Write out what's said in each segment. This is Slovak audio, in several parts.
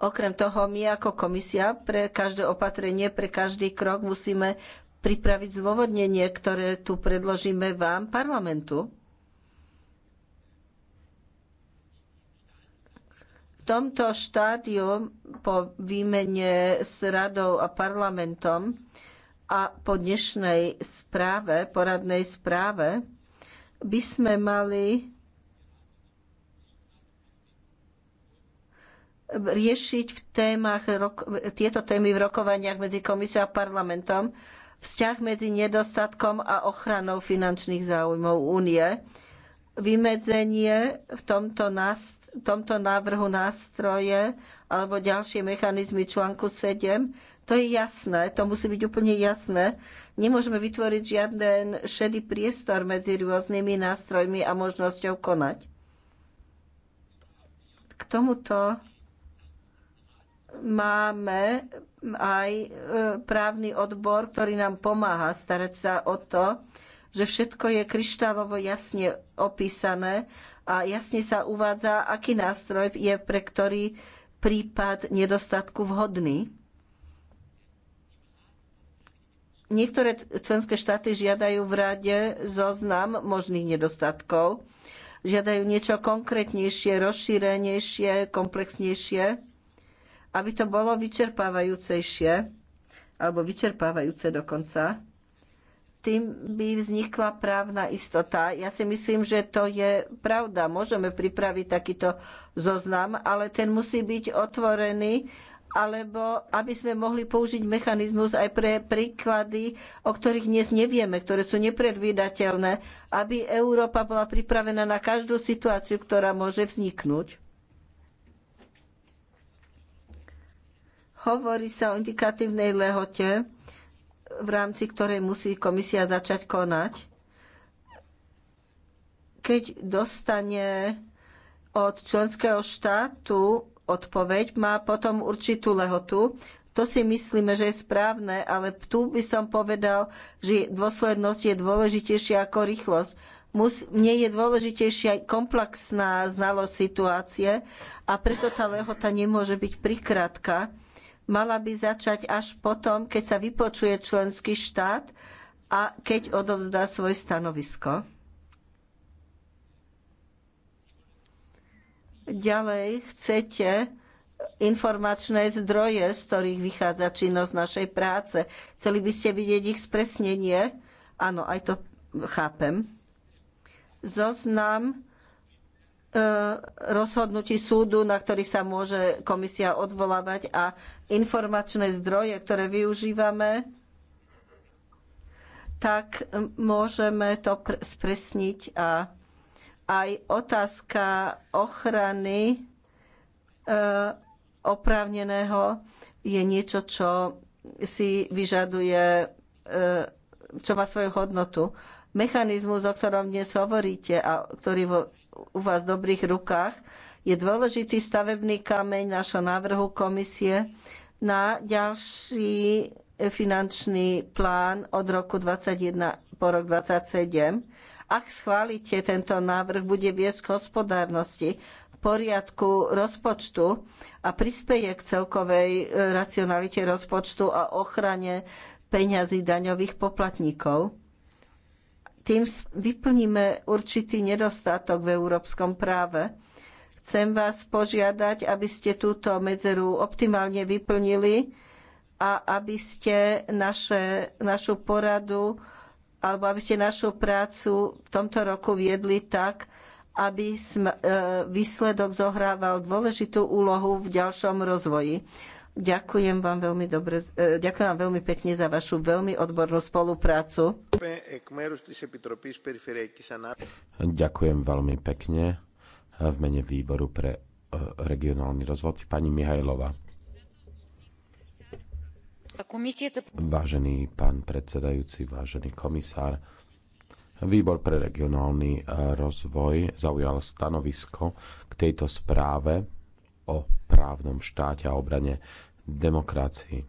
Okrem toho, my ako komisia pre každé opatrenie, pre každý krok musíme pripraviť zdôvodnenie, ktoré tu predložíme vám, parlamentu. V tomto štádiu po výmene s radou a parlamentom a po dnešnej správe, poradnej správe, by sme mali riešiť v témach, tieto témy v rokovaniach medzi komisiou a parlamentom, vzťah medzi nedostatkom a ochranou finančných záujmov únie, vymedzenie v tomto, tomto návrhu nástroje alebo ďalšie mechanizmy článku 7. To je jasné, to musí byť úplne jasné. Nemôžeme vytvoriť žiaden šedý priestor medzi rôznymi nástrojmi a možnosťou konať. K tomuto máme aj e, právny odbor, ktorý nám pomáha starať sa o to, že všetko je kryštálovo jasne opísané a jasne sa uvádza, aký nástroj je pre ktorý prípad nedostatku vhodný. Niektoré členské štáty žiadajú v rade zoznam možných nedostatkov. Žiadajú niečo konkrétnejšie, rozšírenejšie, komplexnejšie aby to bolo vyčerpávajúcejšie, alebo vyčerpávajúce dokonca, tým by vznikla právna istota. Ja si myslím, že to je pravda. Môžeme pripraviť takýto zoznam, ale ten musí byť otvorený alebo aby sme mohli použiť mechanizmus aj pre príklady, o ktorých dnes nevieme, ktoré sú nepredvídateľné, aby Európa bola pripravená na každú situáciu, ktorá môže vzniknúť. Hovorí sa o indikatívnej lehote, v rámci ktorej musí komisia začať konať. Keď dostane od členského štátu odpoveď, má potom určitú lehotu. To si myslíme, že je správne, ale tu by som povedal, že dôslednosť je dôležitejšia ako rýchlosť. Mus, mne je dôležitejšia aj komplexná znalosť situácie a preto tá lehota nemôže byť prikrátka mala by začať až potom, keď sa vypočuje členský štát a keď odovzdá svoje stanovisko. Ďalej chcete informačné zdroje, z ktorých vychádza činnosť našej práce. Chceli by ste vidieť ich spresnenie? Áno, aj to chápem. Zoznam E, rozhodnutí súdu, na ktorých sa môže komisia odvolávať a informačné zdroje, ktoré využívame, tak môžeme to spresniť a aj otázka ochrany e, oprávneného je niečo, čo si vyžaduje, e, čo má svoju hodnotu mechanizmus, o ktorom dnes hovoríte a ktorý vo u vás v dobrých rukách. Je dôležitý stavebný kameň našho návrhu komisie na ďalší finančný plán od roku 2021 po rok 2027. Ak schválite tento návrh, bude viesť k hospodárnosti, poriadku rozpočtu a prispeje k celkovej eh, racionalite rozpočtu a ochrane peňazí daňových poplatníkov tým vyplníme určitý nedostatok v európskom práve. Chcem vás požiadať, aby ste túto medzeru optimálne vyplnili a aby ste naše, našu poradu alebo aby ste našu prácu v tomto roku viedli tak, aby e, výsledok zohrával dôležitú úlohu v ďalšom rozvoji. Ďakujem vám veľmi, dobre, e, ďakujem vám veľmi pekne za vašu veľmi odbornú spoluprácu. Ďakujem veľmi pekne v mene výboru pre e, regionálny rozvoj pani Mihajlova. Vážený pán predsedajúci, vážený komisár, Výbor pre regionálny e, rozvoj zaujal stanovisko k tejto správe o právnom štáte a obrane demokracii.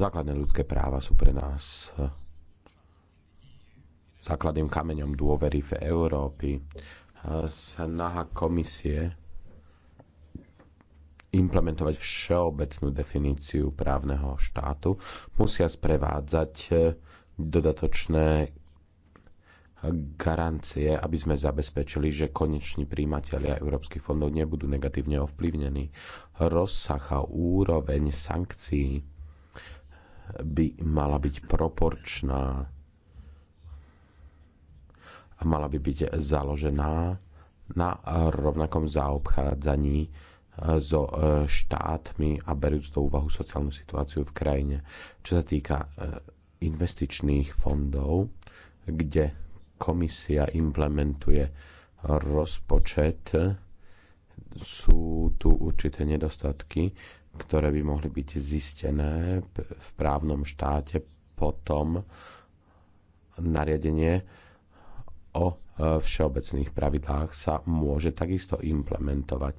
Základné ľudské práva sú pre nás základným kameňom dôvery v Európy. Snaha komisie implementovať všeobecnú definíciu právneho štátu musia sprevádzať dodatočné garancie, aby sme zabezpečili, že koneční príjimatelia európskych fondov nebudú negatívne ovplyvnení. Rozsah a úroveň sankcií by mala byť proporčná a mala by byť založená na rovnakom zaobchádzaní so e, štátmi a berúc do úvahu sociálnu situáciu v krajine. Čo sa týka e, investičných fondov, kde komisia implementuje rozpočet, sú tu určité nedostatky, ktoré by mohli byť zistené v právnom štáte potom nariadenie o e, všeobecných pravidlách sa môže takisto implementovať.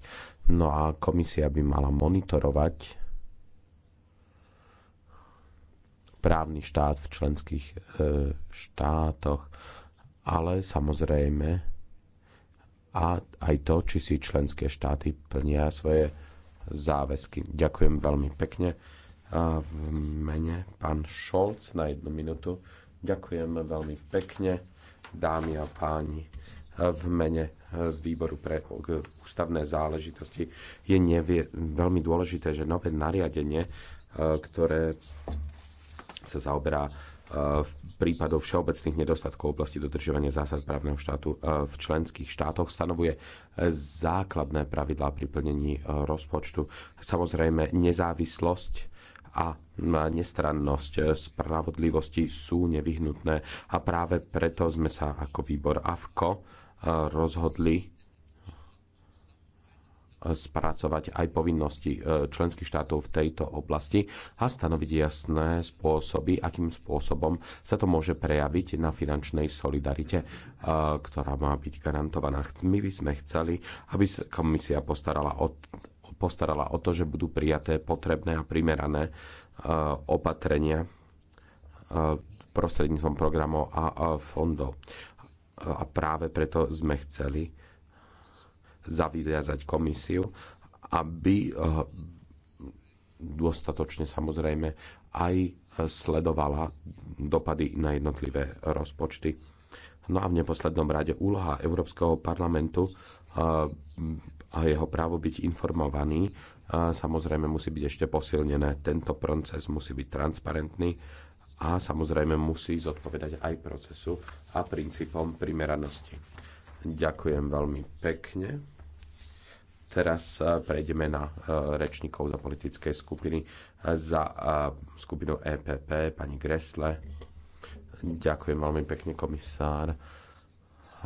No a komisia by mala monitorovať právny štát v členských e, štátoch ale samozrejme a aj to, či si členské štáty plnia svoje záväzky. Ďakujem veľmi pekne. A v mene pán Šolc na jednu minútu. Ďakujem veľmi pekne, dámy a páni. V mene výboru pre ústavné záležitosti je nevie, veľmi dôležité, že nové nariadenie, e, ktoré sa zaoberá e, v prípadov všeobecných nedostatkov v oblasti dodržiavania zásad právneho štátu e, v členských štátoch stanovuje e, základné pravidlá pri plnení e, rozpočtu. Samozrejme, nezávislosť a nestrannosť spravodlivosti sú nevyhnutné a práve preto sme sa ako výbor AVKO rozhodli spracovať aj povinnosti e, členských štátov v tejto oblasti a stanoviť jasné spôsoby, akým spôsobom sa to môže prejaviť na finančnej solidarite, e, ktorá má byť garantovaná. My by sme chceli, aby sa komisia postarala o, postarala o to, že budú prijaté potrebné a primerané e, opatrenia prostredníctvom programov a fondov. A práve preto sme chceli zaviazať komisiu, aby eh, dostatočne samozrejme aj sledovala dopady na jednotlivé rozpočty. No a v neposlednom rade úloha Európskeho parlamentu eh, a jeho právo byť informovaný eh, samozrejme musí byť ešte posilnené. Tento proces musí byť transparentný a samozrejme musí zodpovedať aj procesu a princípom primeranosti. Ďakujem veľmi pekne. Teraz eh, prejdeme na eh, rečníkov za politické skupiny. Eh, za skupinu EPP, pani Gresle. Ďakujem veľmi pekne, komisár.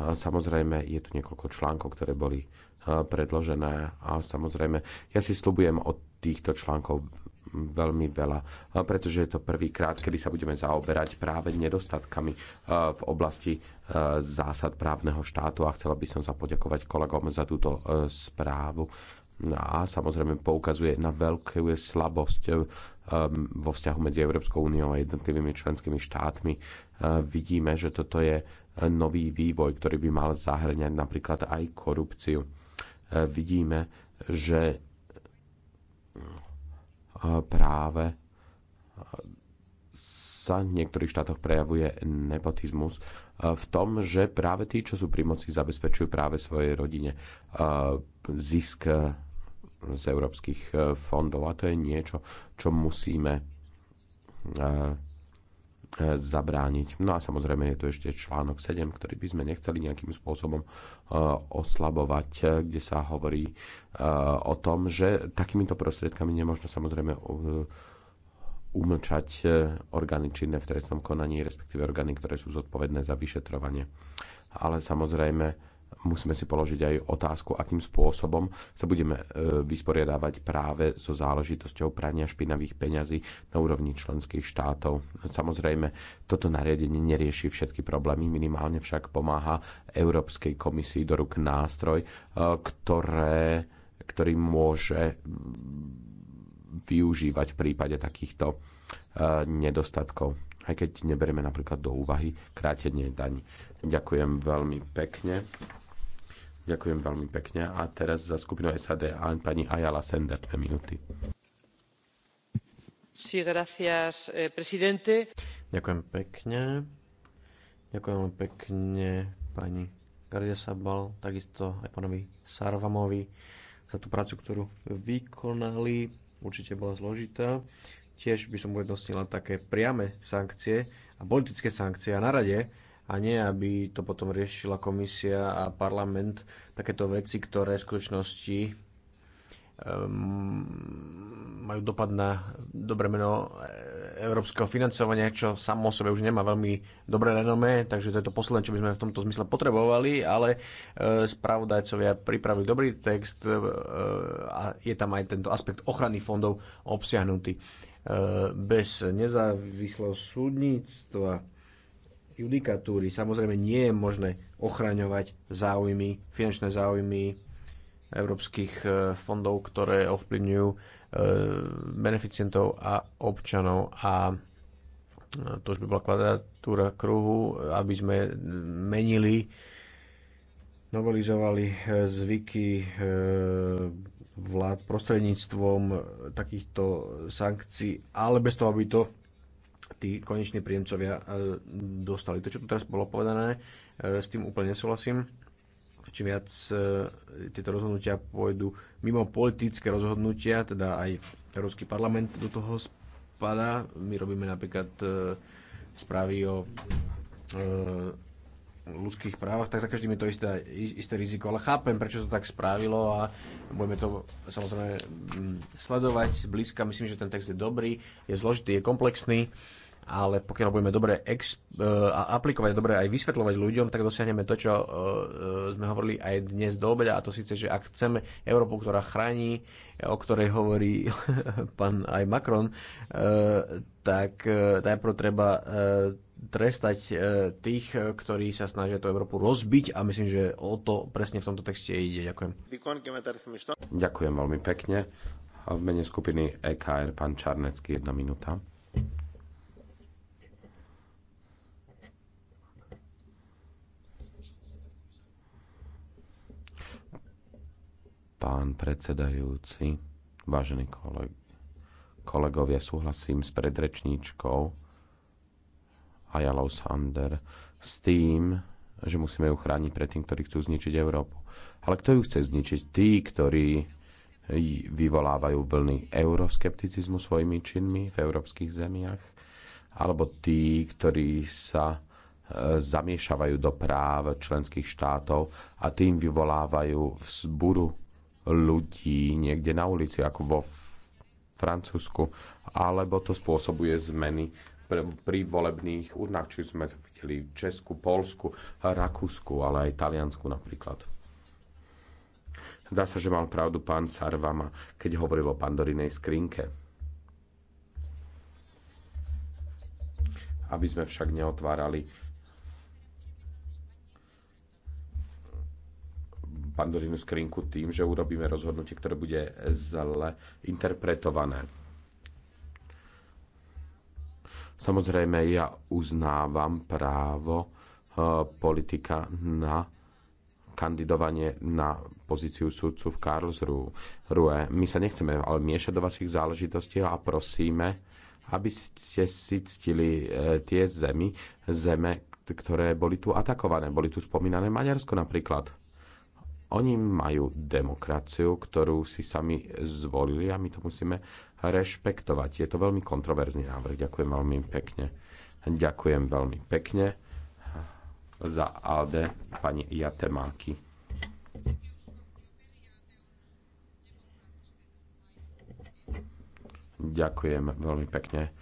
Samozrejme, je tu niekoľko článkov, ktoré boli predložené a samozrejme, ja si slubujem od týchto článkov veľmi veľa, pretože je to prvýkrát, kedy sa budeme zaoberať práve nedostatkami e, v oblasti e, zásad právneho štátu a chcela by som sa poďakovať kolegom za túto e, správu no a samozrejme poukazuje na veľkú slabosť vo vzťahu medzi Európskou úniou a jednotlivými členskými štátmi. Vidíme, že toto je nový vývoj, ktorý by mal zahrňať napríklad aj korupciu. Vidíme, že práve sa v niektorých štátoch prejavuje nepotizmus e, v tom, že práve tí, čo sú pri moci, zabezpečujú práve svojej rodine e, zisk e, z európskych fondov. A to je niečo, čo musíme E, zabrániť. No a samozrejme je tu ešte článok 7, ktorý by sme nechceli nejakým spôsobom e, oslabovať, e, kde sa hovorí o tom, že takýmito prostriedkami nemôžno samozrejme umlčať orgány činné v trestnom konaní, respektíve orgány, ktoré sú zodpovedné za vyšetrovanie. Ale samozrejme musíme si položiť aj otázku, akým spôsobom sa budeme e, vysporiadávať práve so záležitosťou prania špinavých peňazí na úrovni členských štátov. Samozrejme, toto nariadenie nerieši všetky problémy, minimálne však pomáha Európskej komisii do ruk nástroj, e, ktoré, ktorý môže využívať v prípade takýchto e, nedostatkov aj keď neberieme napríklad do úvahy krátenie daní. Ďakujem veľmi pekne. Ďakujem veľmi pekne. A teraz za skupinu SAD pani Ayala Sender, dve minúty. Sí, gracias, eh, presidente. Ďakujem pekne. Ďakujem pekne pani Gardia Sabal, takisto aj pánovi Sarvamovi za tú prácu, ktorú vykonali. Určite bola zložitá. Tiež by som uvednostnila také priame sankcie a politické sankcie. A na rade a nie, aby to potom riešila komisia a parlament takéto veci, ktoré v skutočnosti ehm, majú dopad na dobre meno e, európskeho financovania, čo samo o sebe už nemá veľmi dobré renomé, takže to je to posledné, čo by sme v tomto zmysle potrebovali, ale e, spravodajcovia pripravili dobrý text e, a je tam aj tento aspekt ochrany fondov obsiahnutý. Bez nezávislého súdnictva judikatúry. Samozrejme nie je možné ochraňovať záujmy, finančné záujmy európskych e, fondov, ktoré ovplyvňujú e, beneficientov a občanov a e, to už by bola kvadratúra kruhu, aby sme menili, novelizovali zvyky vlád prostredníctvom takýchto sankcií, ale bez toho, aby to tí koneční príjemcovia e, dostali. To, čo tu teraz bolo povedané, e, s tým úplne nesúhlasím. Čím viac e, tieto rozhodnutia pôjdu mimo politické rozhodnutia, teda aj Európsky parlament do toho spadá. My robíme napríklad správy o ľudských právach, tak za každým je to isté, isté riziko. Ale chápem, prečo to tak spravilo a budeme to samozrejme mm, sledovať zblízka. Myslím, že ten text je dobrý, je zložitý, je komplexný ale pokiaľ budeme dobre ex, uh, aplikovať, dobre aj vysvetľovať ľuďom, tak dosiahneme to, čo e, e, sme hovorili aj dnes do obeda, a to síce, že ak chceme Európu, ktorá chráni, o ktorej hovorí pán aj Macron, tak najprv treba trestať tých, ktorí sa snažia tú Európu rozbiť a myslím, že o to presne v tomto texte ide. Ďakujem. Ďakujem veľmi pekne. A v mene skupiny EKR pán Čarnecký, jedna minúta. Pán predsedajúci, vážení koleg- kolegovia, súhlasím s predrečníčkou Ajalou Sander s tým, že musíme ju chrániť pred tým, ktorí chcú zničiť Európu. Ale kto ju chce zničiť? Tí, ktorí vyvolávajú vlny euroskepticizmu svojimi činmi v európskych zemiach, alebo tí, ktorí sa e, zamiešavajú do práv členských štátov a tým vyvolávajú vzburu ľudí niekde na ulici, ako vo Francúzsku, alebo to spôsobuje zmeny pri volebných urnách, či sme videli v Česku, Polsku, Rakúsku, ale aj Taliansku napríklad. Zdá sa, že mal pravdu pán Sarvama, keď hovoril o pandorinej skrinke. Aby sme však neotvárali pandorínu skrinku tým, že urobíme rozhodnutie, ktoré bude zle interpretované. Samozrejme, ja uznávam právo e, politika na kandidovanie na pozíciu sudcu v Karlsruhe. My sa nechceme ale miešať do vašich záležitostí a prosíme, aby ste si ctili e, tie zemi, zeme, ktoré boli tu atakované. Boli tu spomínané Maďarsko napríklad. Oni majú demokraciu, ktorú si sami zvolili a my to musíme rešpektovať. Je to veľmi kontroverzný návrh. Ďakujem veľmi pekne. Ďakujem veľmi pekne za AD pani Jatemáky. Ďakujem veľmi pekne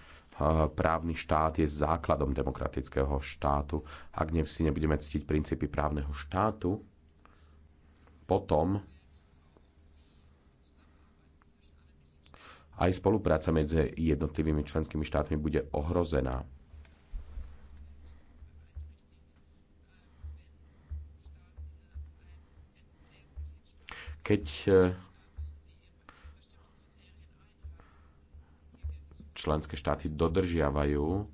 právny štát je základom demokratického štátu. Ak si nebudeme ctiť princípy právneho štátu, potom aj spolupráca medzi jednotlivými členskými štátmi bude ohrozená. Keď e, členské štáty dodržiavajú e,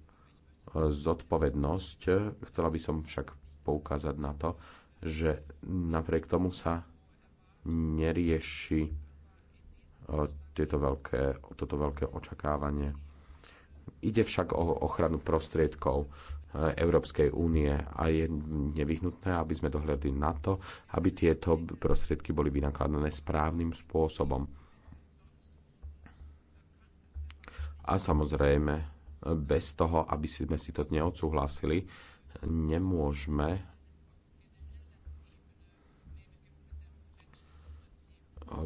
zodpovednosť, e, chcela by som však poukázať na to, že napriek tomu sa nerieši e, tieto veľké, toto veľké očakávanie. Ide však o ochranu prostriedkov e, Európskej únie a je nevyhnutné, aby sme dohľadli na to, aby tieto prostriedky boli vynakladané správnym spôsobom. A samozrejme, bez toho, aby sme si to neodsúhlasili, nemôžeme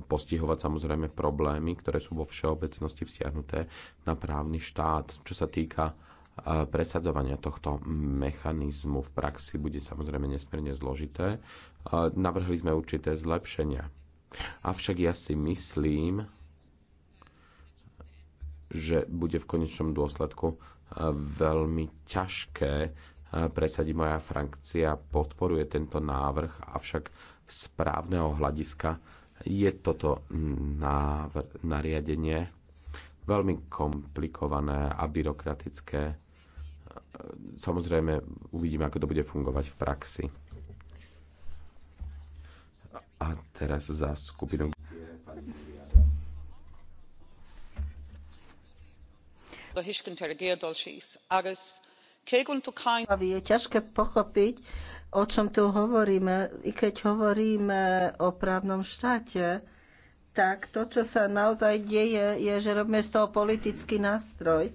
postihovať samozrejme problémy, ktoré sú vo všeobecnosti vzťahnuté na právny štát. Čo sa týka e, presadzovania tohto mechanizmu v praxi bude samozrejme nesmierne zložité. E, navrhli sme určité zlepšenia. Avšak ja si myslím, že bude v konečnom dôsledku e, veľmi ťažké presadí Moja frakcia podporuje tento návrh, avšak z právneho hľadiska je toto nariadenie veľmi komplikované a byrokratické. Samozrejme, uvidíme, ako to bude fungovať v praxi. A teraz za skupinu. Hishkin tergėdol šiais aras je ťažké pochopiť, o čom tu hovoríme. I keď hovoríme o právnom štáte, tak to, čo sa naozaj deje, je, že robíme z toho politický nástroj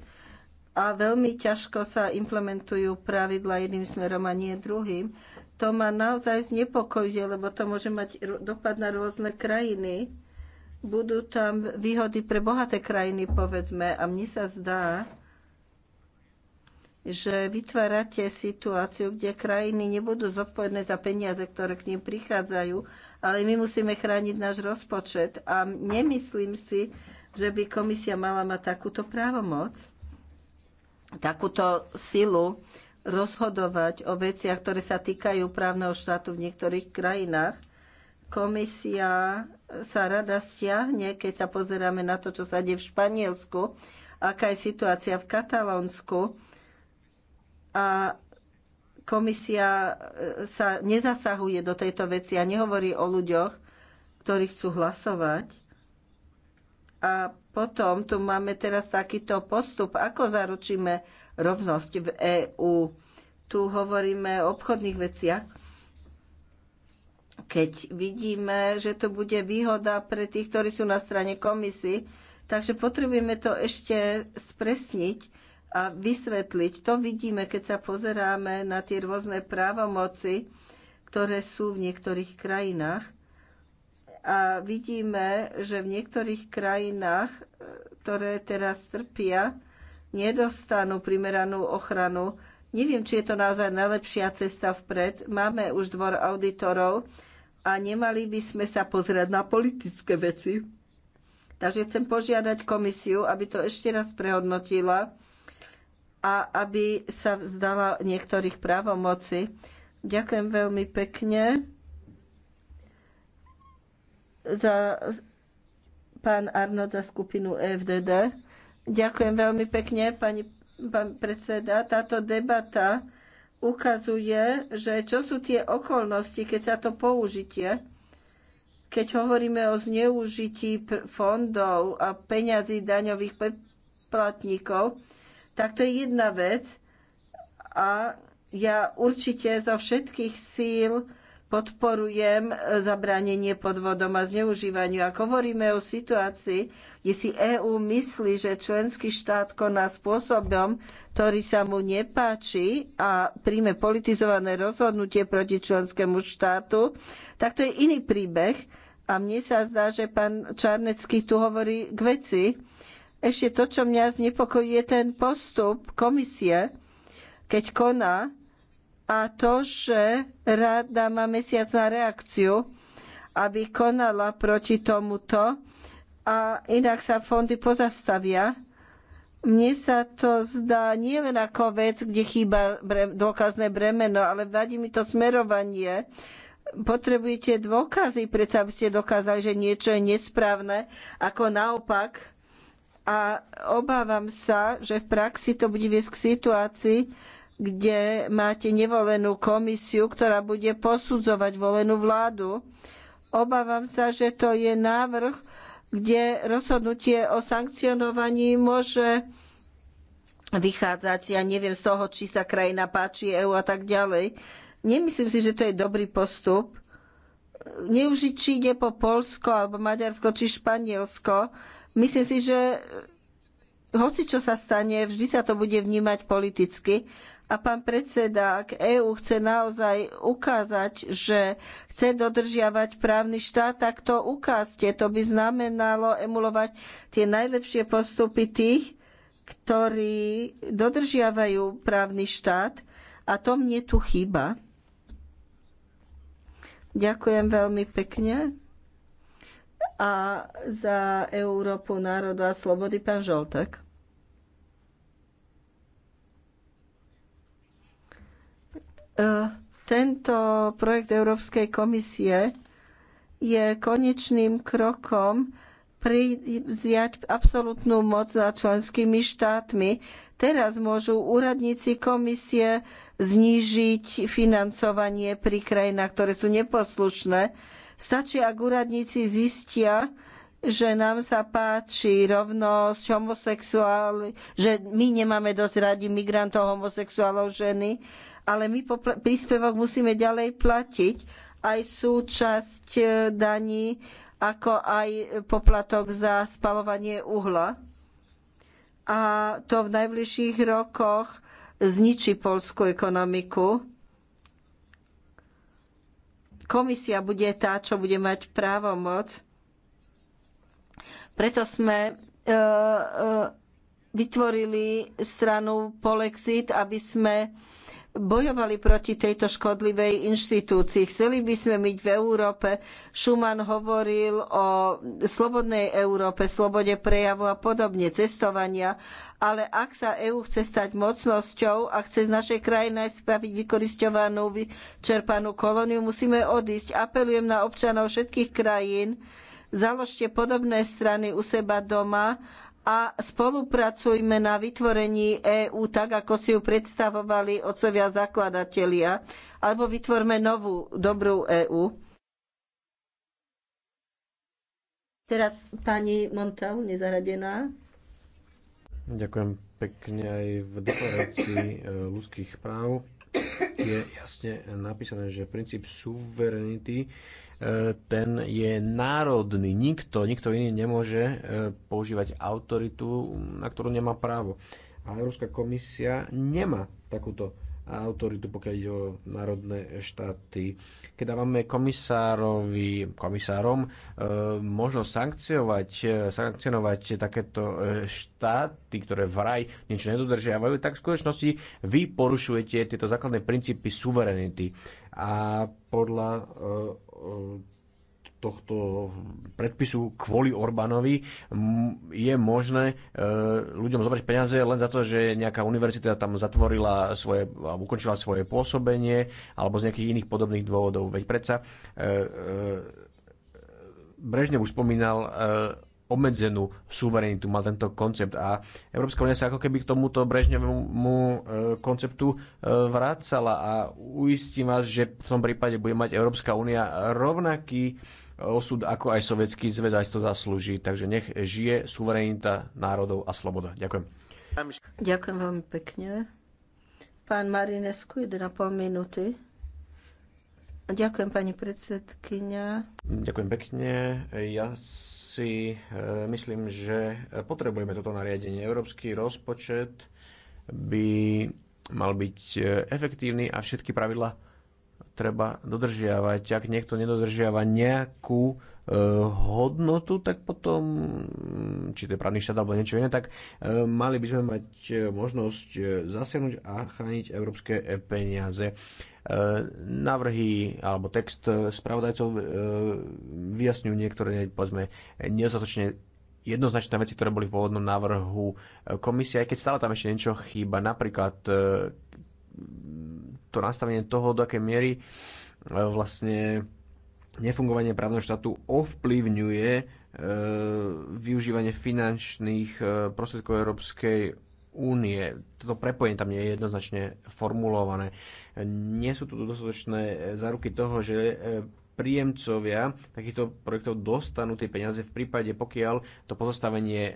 a veľmi ťažko sa implementujú pravidla jedným smerom a nie druhým. To ma naozaj znepokojuje, lebo to môže mať dopad na rôzne krajiny. Budú tam výhody pre bohaté krajiny, povedzme. A mne sa zdá, že vytvárate situáciu, kde krajiny nebudú zodpovedné za peniaze, ktoré k ním prichádzajú, ale my musíme chrániť náš rozpočet a nemyslím si, že by komisia mala mať takúto právomoc, takúto silu rozhodovať o veciach, ktoré sa týkajú právneho štátu v niektorých krajinách. Komisia sa rada stiahne, keď sa pozeráme na to, čo sa deje v Španielsku, aká je situácia v Katalónsku, a komisia e, sa nezasahuje do tejto veci a nehovorí o ľuďoch, ktorí chcú hlasovať. A potom tu máme teraz takýto postup, ako zaručíme rovnosť v EÚ. Tu hovoríme o obchodných veciach. Keď vidíme, že to bude výhoda pre tých, ktorí sú na strane komisii, takže potrebujeme to ešte spresniť a vysvetliť. To vidíme, keď sa pozeráme na tie rôzne právomoci, ktoré sú v niektorých krajinách. A vidíme, že v niektorých krajinách, e, ktoré teraz trpia, nedostanú primeranú ochranu. Neviem, či je to naozaj najlepšia cesta vpred. Máme už dvor auditorov a nemali by sme sa pozerať na politické veci. Takže chcem požiadať komisiu, aby to ešte raz prehodnotila a aby sa vzdala niektorých právomoci. Ďakujem veľmi pekne za pán Arnold za skupinu EFDD. Ďakujem veľmi pekne, pani pán predseda. Táto debata ukazuje, že čo sú tie okolnosti, keď sa to použitie. Keď hovoríme o zneužití fondov a peňazí daňových platníkov tak to je jedna vec. A ja určite zo všetkých síl podporujem zabránenie podvodom a zneužívaniu. Ak hovoríme o situácii, kde si EÚ myslí, že členský štát koná spôsobom, ktorý sa mu nepáči a príjme politizované rozhodnutie proti členskému štátu, tak to je iný príbeh. A mne sa zdá, že pán Čarnecký tu hovorí k veci. Ešte to, čo mňa znepokojuje, ten postup komisie, keď koná a to, že rada má mesiac na reakciu, aby konala proti tomuto a inak sa fondy pozastavia. Mne sa to zdá nielen ako vec, kde chýba dôkazné bremeno, ale vadí mi to smerovanie. Potrebujete dôkazy, predsa aby ste dokázali, že niečo je nesprávne, ako naopak a obávam sa, že v praxi to bude viesť k situácii, kde máte nevolenú komisiu, ktorá bude posudzovať volenú vládu. Obávam sa, že to je návrh, kde rozhodnutie o sankcionovaní môže vychádzať, ja neviem, z toho, či sa krajina páči EÚ a tak ďalej. Nemyslím si, že to je dobrý postup. Neužiť, či ide po Polsko, alebo Maďarsko, či Španielsko, Myslím si, že eh, hoci čo sa stane, vždy sa to bude vnímať politicky. A pán predseda, ak EÚ chce naozaj ukázať, že chce dodržiavať právny štát, tak to ukázte. To by znamenalo emulovať tie najlepšie postupy tých, ktorí dodržiavajú právny štát. A to mne tu chýba. Ďakujem veľmi pekne a za Európu národu a slobody pán Žoltek. E, tento projekt Európskej komisie je konečným krokom prizjať absolútnu moc za členskými štátmi. Teraz môžu úradníci komisie znížiť financovanie pri krajinách, ktoré sú neposlušné Stačí, ak úradníci zistia, že nám sa páči rovnosť homosexuál, že my nemáme dosť radi migrantov, homosexuálov, ženy, ale my príspevok musíme ďalej platiť aj súčasť e, daní, ako aj poplatok za spalovanie uhla. A to v najbližších rokoch zničí polskú ekonomiku komisia bude tá, čo bude mať právomoc. Preto sme e, e, vytvorili stranu Polexit, aby sme bojovali proti tejto škodlivej inštitúcii. Chceli by sme byť v Európe. Schumann hovoril o slobodnej Európe, slobode prejavu a podobne, cestovania. Ale ak sa EÚ chce stať mocnosťou a chce z našej krajiny spraviť vykoristovanú, vyčerpanú kolóniu, musíme odísť. Apelujem na občanov všetkých krajín, založte podobné strany u seba doma a spolupracujme na vytvorení EÚ tak, ako si ju predstavovali otcovia zakladatelia, alebo vytvorme novú, dobrú EÚ. Teraz pani Montal, nezaradená. Ďakujem pekne aj v deklarácii e, ľudských práv je jasne napísané, že princíp suverenity ten je národný. Nikto, nikto iný nemôže e, používať autoritu, na ktorú nemá právo. A Európska komisia nemá takúto autoritu, pokiaľ ide o národné štáty. Keď dávame komisárovi, komisárom e, možno sankciovať, e, sankcionovať takéto e, štáty, ktoré vraj niečo nedodržiavajú, tak v skutočnosti vy porušujete tieto základné princípy suverenity a podľa e, e, tohto predpisu kvôli Orbánovi je možné e, ľuďom zobrať peniaze len za to, že nejaká univerzita tam zatvorila svoje, ukončila svoje pôsobenie alebo z nejakých iných podobných dôvodov. Veď predsa Brežnev už spomínal obmedzenú suverenitu mal tento koncept a Európska únia sa ako keby k tomuto Brežňovému e, konceptu e, vracala a uistím vás, že v tom prípade bude mať Európska únia rovnaký e, osud ako aj Sovietský zväz, aj to zaslúži. Takže nech žije suverenita národov a sloboda. Ďakujem. Ďakujem veľmi pekne. Pán Marinescu, 1,5 minúty. Ďakujem, pani predsedkynia. Ďakujem pekne. Ja si e, myslím, že potrebujeme toto nariadenie. Európsky rozpočet by mal byť e, efektívny a všetky pravidla treba dodržiavať. Ak niekto nedodržiava nejakú e, hodnotu, tak potom, mm, či to je právny štát alebo niečo iné, tak mali by sme mať možnosť zasiahnuť a chrániť európske peniaze. E, Navrhy alebo text spravodajcov e, vyjasňujú niektoré, povedzme, nezatočne jednoznačné veci, ktoré boli v pôvodnom návrhu komisie, aj keď stále tam ešte niečo chýba. Napríklad e, to nastavenie toho, do akej miery vlastne nefungovanie právneho štátu ovplyvňuje využívanie finančných prostriedkov Európskej únie. Toto prepojenie tam nie je jednoznačne formulované. Nie sú tu dostatočné záruky toho, že e, príjemcovia takýchto projektov dostanú tie peniaze v prípade, pokiaľ to pozostavenie e,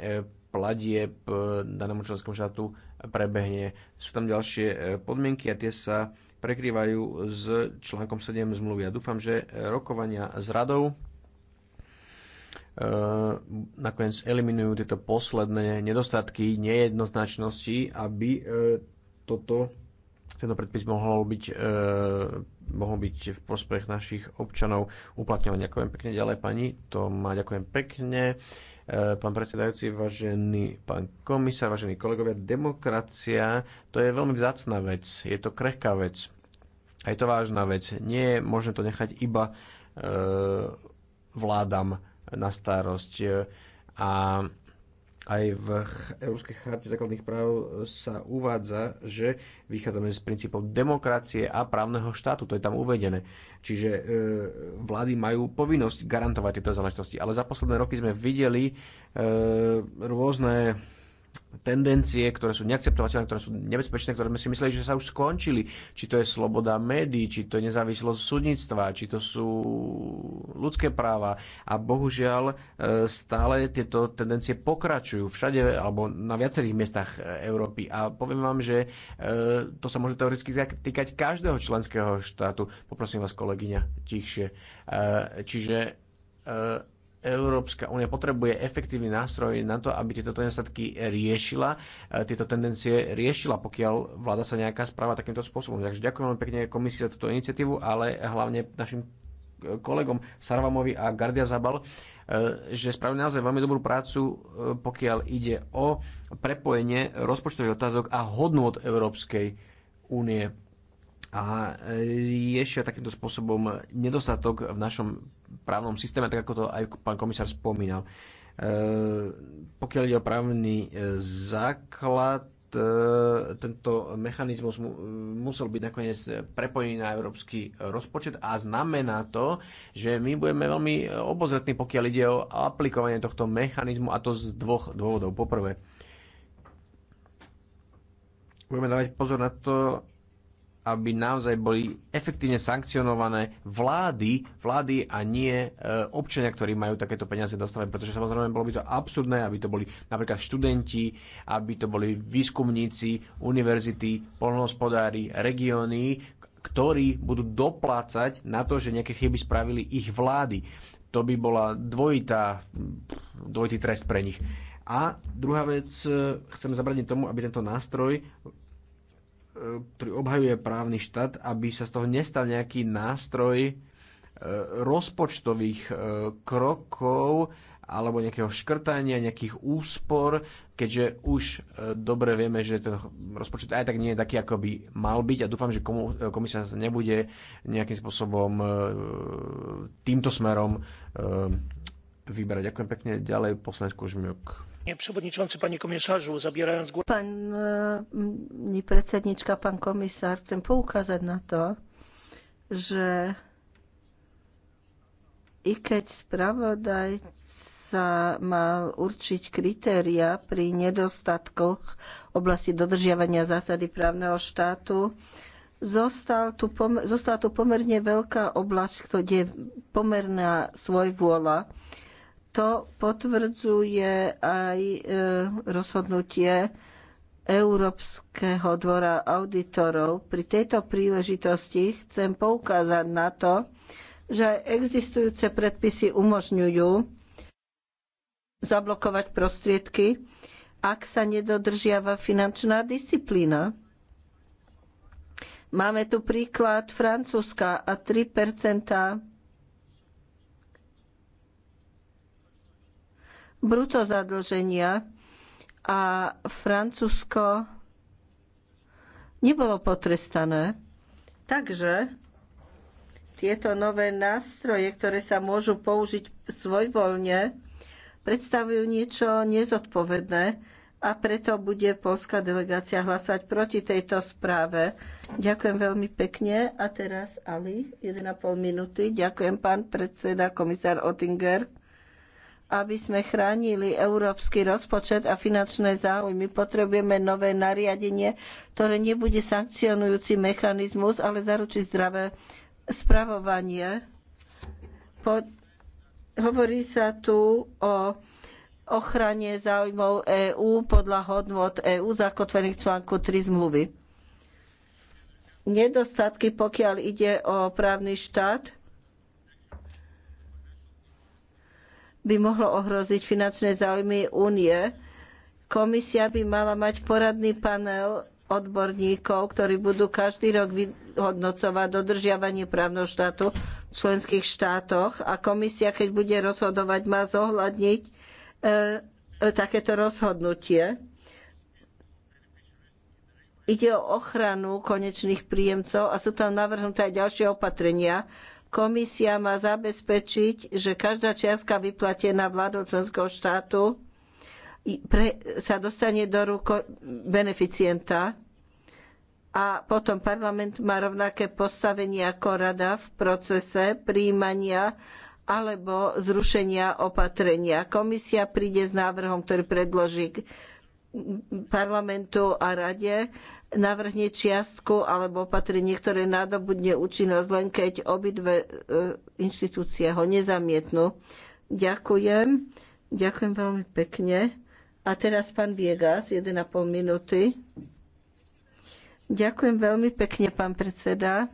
platieb e, danému členskému štátu prebehne. Sú tam ďalšie podmienky a tie sa prekrývajú s článkom 7 zmluvy. Ja dúfam, že rokovania s radou E, nakoniec eliminujú tieto posledné nedostatky nejednoznačnosti, aby e, toto, tento predpis mohol byť, e, mohol byť v prospech našich občanov uplatňovaný. Ďakujem pekne ďalej pani Toma, ďakujem pekne. Pán predsedajúci, vážený pán komisár, vážení kolegovia, demokracia to je veľmi vzácná vec, je to krehká vec a je to vážna vec. Nie je možné to nechať iba vládam na starosť. E, a aj v Európskej charte základných práv sa uvádza, že vychádzame z princípov demokracie a právneho štátu. To je tam uvedené. Čiže e, vlády majú povinnosť garantovať tieto záležitosti. Ale za posledné roky sme videli e, rôzne tendencie, ktoré sú neakceptovateľné, ktoré sú nebezpečné, ktoré sme si mysleli, že sa už skončili. Či to je sloboda médií, či to je nezávislosť súdnictva, či to sú ľudské práva. A bohužiaľ e, stále tieto tendencie pokračujú všade alebo na viacerých miestach e, Európy. A poviem vám, že e, to sa môže teoreticky týkať každého členského štátu. Poprosím vás, kolegyňa, tichšie. Čiže Európska únia potrebuje efektívny nástroj na to, aby tieto nedostatky riešila, e, tieto tendencie riešila, pokiaľ vláda sa nejaká správa takýmto spôsobom. Takže ďakujem veľmi pekne komisii za túto iniciatívu, ale hlavne našim e, kolegom Sarvamovi a Gardia Zabal, e, že spravili naozaj veľmi dobrú prácu, pokiaľ ide o prepojenie rozpočtových otázok a hodnôt Európskej únie a riešia takýmto spôsobom nedostatok v našom právnom systéme, tak ako to aj pán komisár spomínal. E, pokiaľ ide o právny e, základ, e, tento mechanizmus musel byť nakoniec prepojený na európsky rozpočet a znamená to, že my budeme veľmi obozretní, pokiaľ ide o aplikovanie tohto mechanizmu a to z dvoch dôvodov. Poprvé, budeme dávať pozor na to, aby naozaj boli efektívne sankcionované vlády, vlády a nie e, občania, ktorí majú takéto peniaze dostávať. Pretože samozrejme bolo by to absurdné, aby to boli napríklad študenti, aby to boli výskumníci, univerzity, polnohospodári, regióny, ktorí budú doplácať na to, že nejaké chyby spravili ich vlády. To by bola dvojitá, dvojitý trest pre nich. A druhá vec, e, chcem zabraniť tomu, aby tento nástroj E, ktorý obhajuje právny štát, aby sa z toho nestal nejaký nástroj e, rozpočtových e, krokov alebo nejakého škrtania, nejakých úspor, keďže už dobre vieme, že ten rozpočet aj tak nie je taký, ako by mal byť a dúfam, že komisia sa nebude nejakým spôsobom týmto smerom vyberať. Ďakujem pekne. Ďalej poslanec Kužmiuk. Panie przewodniczący, panie komisarzu, zabierając głos. Pani e, predsednička, pán komisár, chcem poukázať na to, že i keď spravodajca mal určiť kritéria pri nedostatkoch oblasti dodržiavania zásady právneho štátu, zostal tu zostala tu pomerne veľká oblasť, kde je pomerná svoj vôľa. To potvrdzuje aj e, rozhodnutie Európskeho dvora auditorov. Pri tejto príležitosti chcem poukázať na to, že existujúce predpisy umožňujú zablokovať prostriedky, ak sa nedodržiava finančná disciplína. Máme tu príklad Francúzska a 3 bruto zadlženia a Francúzsko nebolo potrestané. Takže tieto nové nástroje, ktoré sa môžu použiť svojvoľne, predstavujú niečo nezodpovedné a preto bude polská delegácia hlasovať proti tejto správe. Ďakujem veľmi pekne. A teraz Ali, 1,5 minúty. Ďakujem, pán predseda, komisár Ottinger aby sme chránili európsky rozpočet a finančné záujmy, potrebujeme nové nariadenie, ktoré nebude sankcionujúci mechanizmus, ale zaručí zdravé spravovanie. Po, hovorí sa tu o ochrane záujmov EÚ podľa hodnot EÚ zakotvených článku 3 zmluvy. Nedostatky, pokiaľ ide o právny štát, by mohlo ohroziť finančné záujmy únie. Komisia by mala mať poradný panel odborníkov, ktorí budú každý rok vyhodnocovať dodržiavanie právneho štátu v členských štátoch a komisia, keď bude rozhodovať, má zohľadniť e, e, takéto rozhodnutie. Ide o ochranu konečných príjemcov a sú tam navrhnuté aj ďalšie opatrenia, Komisia má zabezpečiť, že každá čiastka vyplatená vládou členského štátu sa dostane do rúk beneficienta a potom parlament má rovnaké postavenie ako rada v procese príjmania alebo zrušenia opatrenia. Komisia príde s návrhom, ktorý predloží parlamentu a rade navrhne čiastku alebo opatrenie, niektoré nádobudne účinnosť, len keď obidve e, inštitúcie ho nezamietnú. Ďakujem. Ďakujem veľmi pekne. A teraz pán Viegas, 1,5 minúty. Ďakujem veľmi pekne, pán predseda.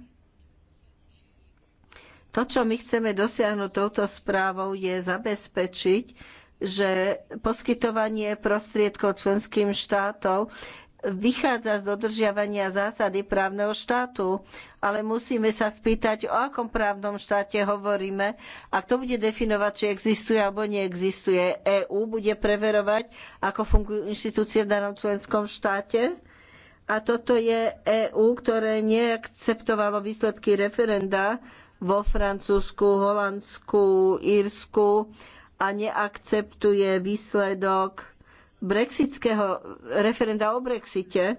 To, čo my chceme dosiahnuť touto správou, je zabezpečiť, že poskytovanie prostriedkov členským štátom vychádza z dodržiavania zásady právneho štátu, ale musíme sa spýtať, o akom právnom štáte hovoríme a kto bude definovať, či existuje alebo neexistuje. EÚ bude preverovať, ako fungujú inštitúcie v danom členskom štáte. A toto je EÚ, ktoré neakceptovalo výsledky referenda vo Francúzsku, Holandsku, Írsku a neakceptuje výsledok brexitského referenda o Brexite.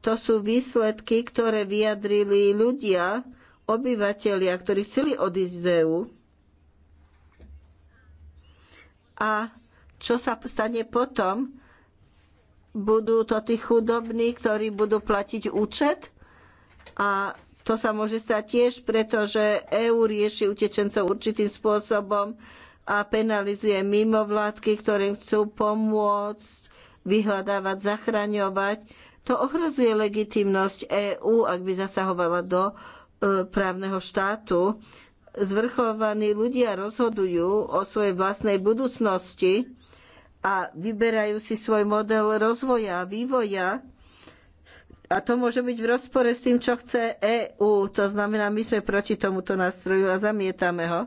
To sú výsledky, ktoré vyjadrili ľudia, obyvateľia, ktorí chceli odísť z EÚ. A čo sa stane potom? Budú to tí chudobní, ktorí budú platiť účet? A to sa môže stať tiež, pretože EÚ rieši utečencov určitým spôsobom, a penalizuje mimovládky, ktorým chcú pomôcť, vyhľadávať, zachraňovať. To ohrozuje legitimnosť EÚ, ak by zasahovala do e, právneho štátu. Zvrchovaní ľudia rozhodujú o svojej vlastnej budúcnosti a vyberajú si svoj model rozvoja a vývoja. A to môže byť v rozpore s tým, čo chce EÚ. To znamená, my sme proti tomuto nástroju a zamietame ho.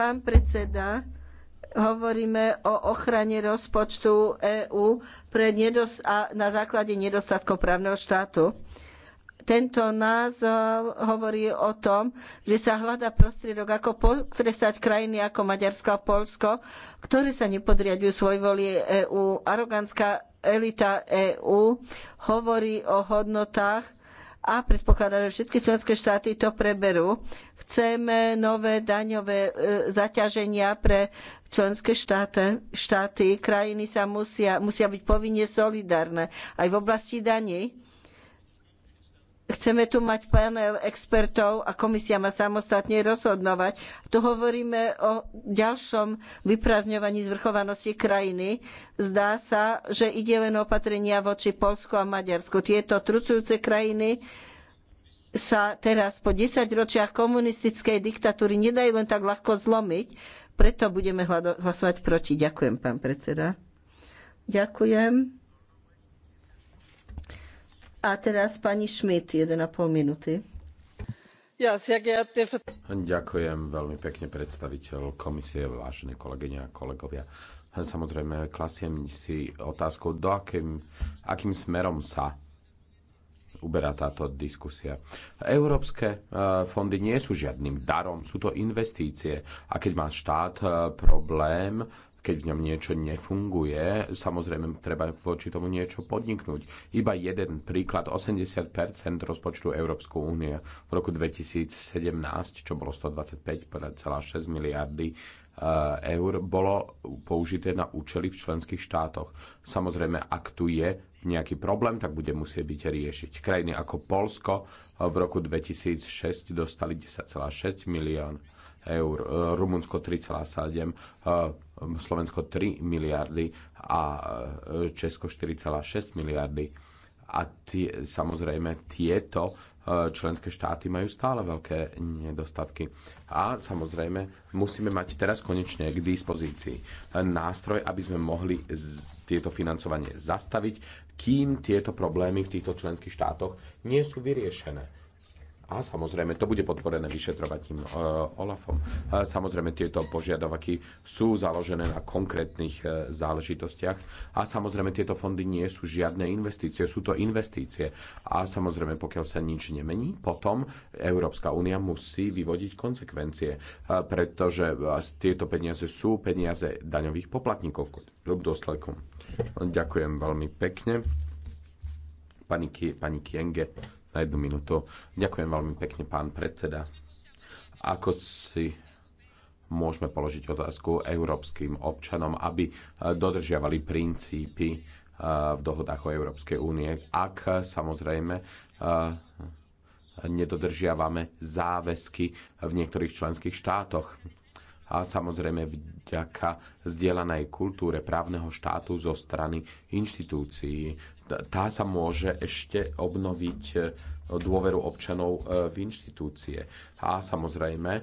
Pán predseda, hovoríme o ochrane rozpočtu EÚ na základe nedostatkov právneho štátu. Tento názov hovorí o tom, že sa hľadá prostriedok, ako potrestať krajiny ako Maďarsko a Polsko, ktoré sa nepodriadujú voli EÚ. Arogantská elita EÚ hovorí o hodnotách, a predpokladá, že všetky členské štáty to preberú. Chceme nové daňové e, zaťaženia pre členské štáty. štáty. Krajiny sa musia, musia byť povinne solidárne aj v oblasti daní Chceme tu mať panel expertov a komisia má samostatne rozhodnovať. Tu hovoríme o ďalšom vyprázdňovaní zvrchovanosti krajiny. Zdá sa, že ide len opatrenia voči Polsku a Maďarsku. Tieto trucujúce krajiny sa teraz po desaťročiach komunistickej diktatúry nedajú len tak ľahko zlomiť. Preto budeme hlasovať proti. Ďakujem, pán predseda. Ďakujem. A teraz pani Schmidt, 1,5 minúty. Ja, Ďakujem veľmi pekne predstaviteľ komisie, vážené kolegyne a kolegovia. Samozrejme, klasiem si otázku, do akým, akým smerom sa uberá táto diskusia. Európske e, fondy nie sú žiadnym darom, sú to investície. A keď má štát e, problém keď v ňom niečo nefunguje, samozrejme treba voči tomu niečo podniknúť. Iba jeden príklad, 80% rozpočtu Európskej únie v roku 2017, čo bolo 125,6 miliardy e, eur, bolo použité na účely v členských štátoch. Samozrejme, ak tu je nejaký problém, tak bude musieť byť riešiť. Krajiny ako Polsko v roku 2006 dostali 10,6 milión eur, e, Rumunsko 3,7, e, Slovensko 3 miliardy a e, Česko 4,6 miliardy. A tie, samozrejme tieto členské štáty majú stále veľké nedostatky. A samozrejme musíme mať teraz konečne k dispozícii nástroj, aby sme mohli tieto financovanie zastaviť, kým tieto problémy v týchto členských štátoch nie sú vyriešené a samozrejme, to bude podporené vyšetrovatím e, OLAFom. E, samozrejme, tieto požiadavky sú založené na konkrétnych e, záležitostiach. A samozrejme, tieto fondy nie sú žiadne investície, sú to investície. A samozrejme, pokiaľ sa nič nemení, potom Európska únia musí vyvodiť konsekvencie, pretože tieto peniaze sú peniaze daňových poplatníkov dôsledkom. Ďakujem veľmi pekne. Pani, Kienge na jednu minútu. Ďakujem veľmi pekne, pán predseda. Ako si môžeme položiť otázku európskym občanom, aby eh, dodržiavali princípy eh, v dohodách o Európskej únie, ak samozrejme eh, nedodržiavame záväzky v niektorých členských štátoch. A samozrejme vďaka zdieľanej kultúre právneho štátu zo strany inštitúcií tá sa môže ešte obnoviť e, dôveru občanov e, v inštitúcie. A samozrejme e,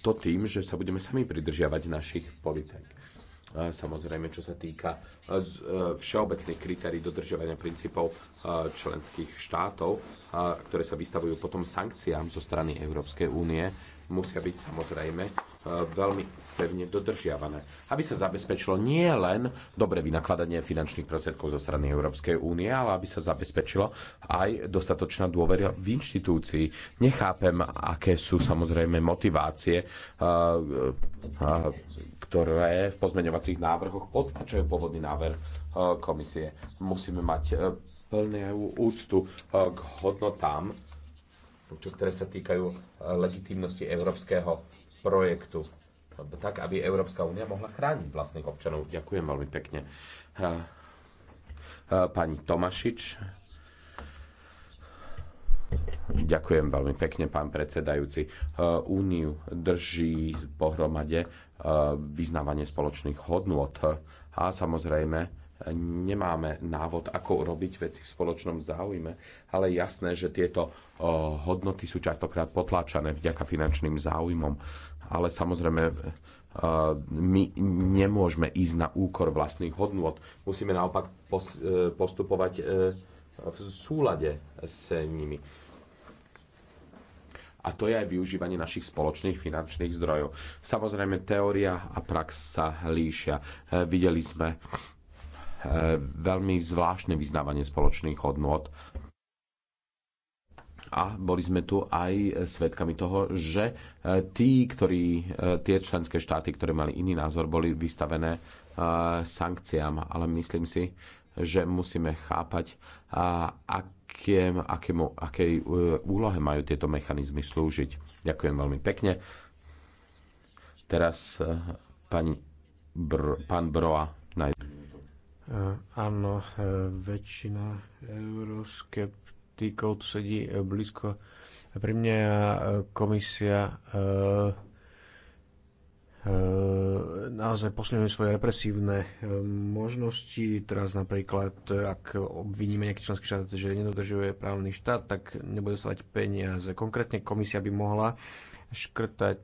to tým, že sa budeme sami pridržiavať našich politik. Samozrejme, čo sa týka všeobecných kritérií dodržiavania princípov členských štátov, ktoré sa vystavujú potom sankciám zo strany Európskej únie, musia byť samozrejme E, veľmi pevne dodržiavané, aby sa zabezpečilo nie len dobre vynakladanie finančných prostriedkov zo strany Európskej únie, ale aby sa zabezpečilo aj dostatočná dôvera v inštitúcii. Nechápem, aké sú samozrejme motivácie, e, e, ktoré v pozmeňovacích návrhoch podtačajú pôvodný návrh komisie. Musíme mať plnú úctu k hodnotám, ktoré sa týkajú legitimnosti európskeho projektu tak, aby Európska únia mohla chrániť vlastných občanov. Ďakujem veľmi pekne. Pani Tomašič. Ďakujem veľmi pekne, pán predsedajúci. E, Úniu drží pohromade e, vyznávanie spoločných hodnôt a samozrejme nemáme návod, ako robiť veci v spoločnom záujme, ale je jasné, že tieto hodnoty sú častokrát potláčané vďaka finančným záujmom. Ale samozrejme, e, my nemôžeme ísť na úkor vlastných hodnot. Musíme naopak e, postupovať e, v súlade s nimi. A to je aj využívanie našich spoločných finančných zdrojov. Samozrejme, teória a prax sa líšia. Videli sme Eh, veľmi zvláštne vyznávanie spoločných hodnôt. A boli sme tu aj svedkami toho, že eh, tí, ktorí, eh, tie členské štáty, ktoré mali iný názor, boli vystavené sankciám. Ale myslím si, že musíme chápať, aké, akému, akej úlohe majú tieto mechanizmy slúžiť. Ďakujem veľmi pekne. Teraz pani, br, pán Broa. najprv. Eh, áno, eh, väčšina euroskeptikov tu sedí eh, blízko pri mne a komisia naozaj posilňuje svoje represívne možnosti. Teraz napríklad, ak obviníme nejaký členský štát, že nedodržuje právny štát, tak nebude dostávať peniaze. Konkrétne komisia by mohla škrtať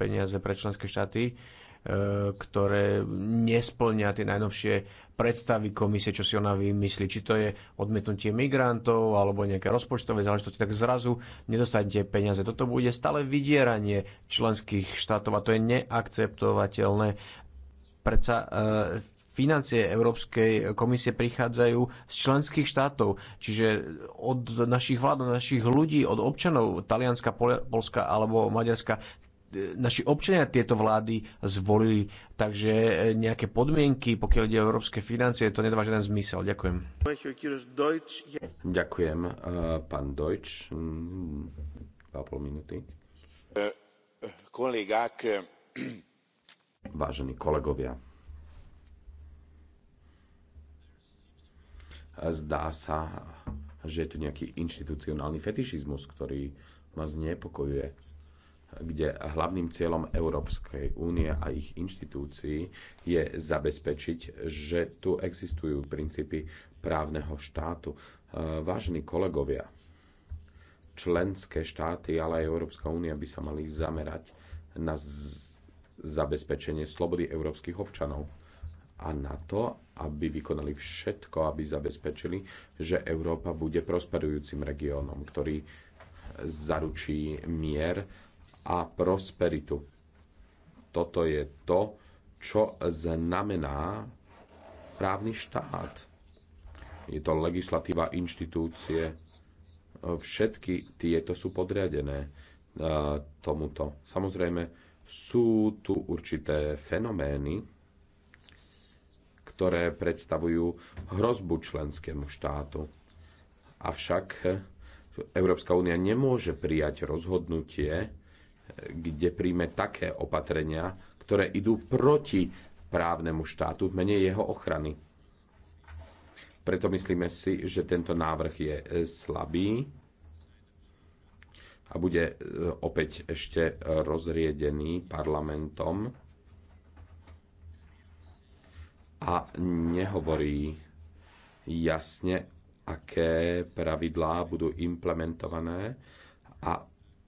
peniaze pre členské štáty, E, ktoré nesplňa tie najnovšie predstavy komisie, čo si ona vymyslí, či to je odmietnutie migrantov alebo nejaké rozpočtové záležitosti, tak zrazu nedostanete peniaze. Toto bude stále vydieranie členských štátov a to je neakceptovateľné. Predsa e, financie Európskej komisie prichádzajú z členských štátov, čiže od našich vlád, od našich ľudí, od občanov Talianska, Polska alebo Maďarska naši občania tieto vlády zvolili. Takže e, nejaké podmienky, pokiaľ ide o európske financie, to nedáva žiaden zmysel. Ďakujem. Ďakujem, e, pán Deutsch. pol minúty. E, Vážení kolegovia, zdá sa, že je tu nejaký inštitucionálny fetišizmus, ktorý ma znepokojuje kde hlavným cieľom Európskej únie a ich inštitúcií je zabezpečiť, že tu existujú princípy právneho štátu. E, vážení kolegovia, členské štáty, ale aj Európska únia by sa mali zamerať na zabezpečenie slobody európskych občanov a na to, aby vykonali všetko, aby zabezpečili, že Európa bude prosperujúcim regiónom, ktorý zaručí mier, a prosperitu. Toto je to, čo znamená právny štát. Je to legislatíva inštitúcie. Všetky tieto sú podriadené e, tomuto. Samozrejme, sú tu určité fenomény, ktoré predstavujú hrozbu členskému štátu. Avšak Európska únia nemôže prijať rozhodnutie, kde príjme také opatrenia, ktoré idú proti právnemu štátu v mene jeho ochrany. Preto myslíme si, že tento návrh je e, slabý a bude e, opäť ešte rozriedený parlamentom a nehovorí jasne, aké pravidlá budú implementované a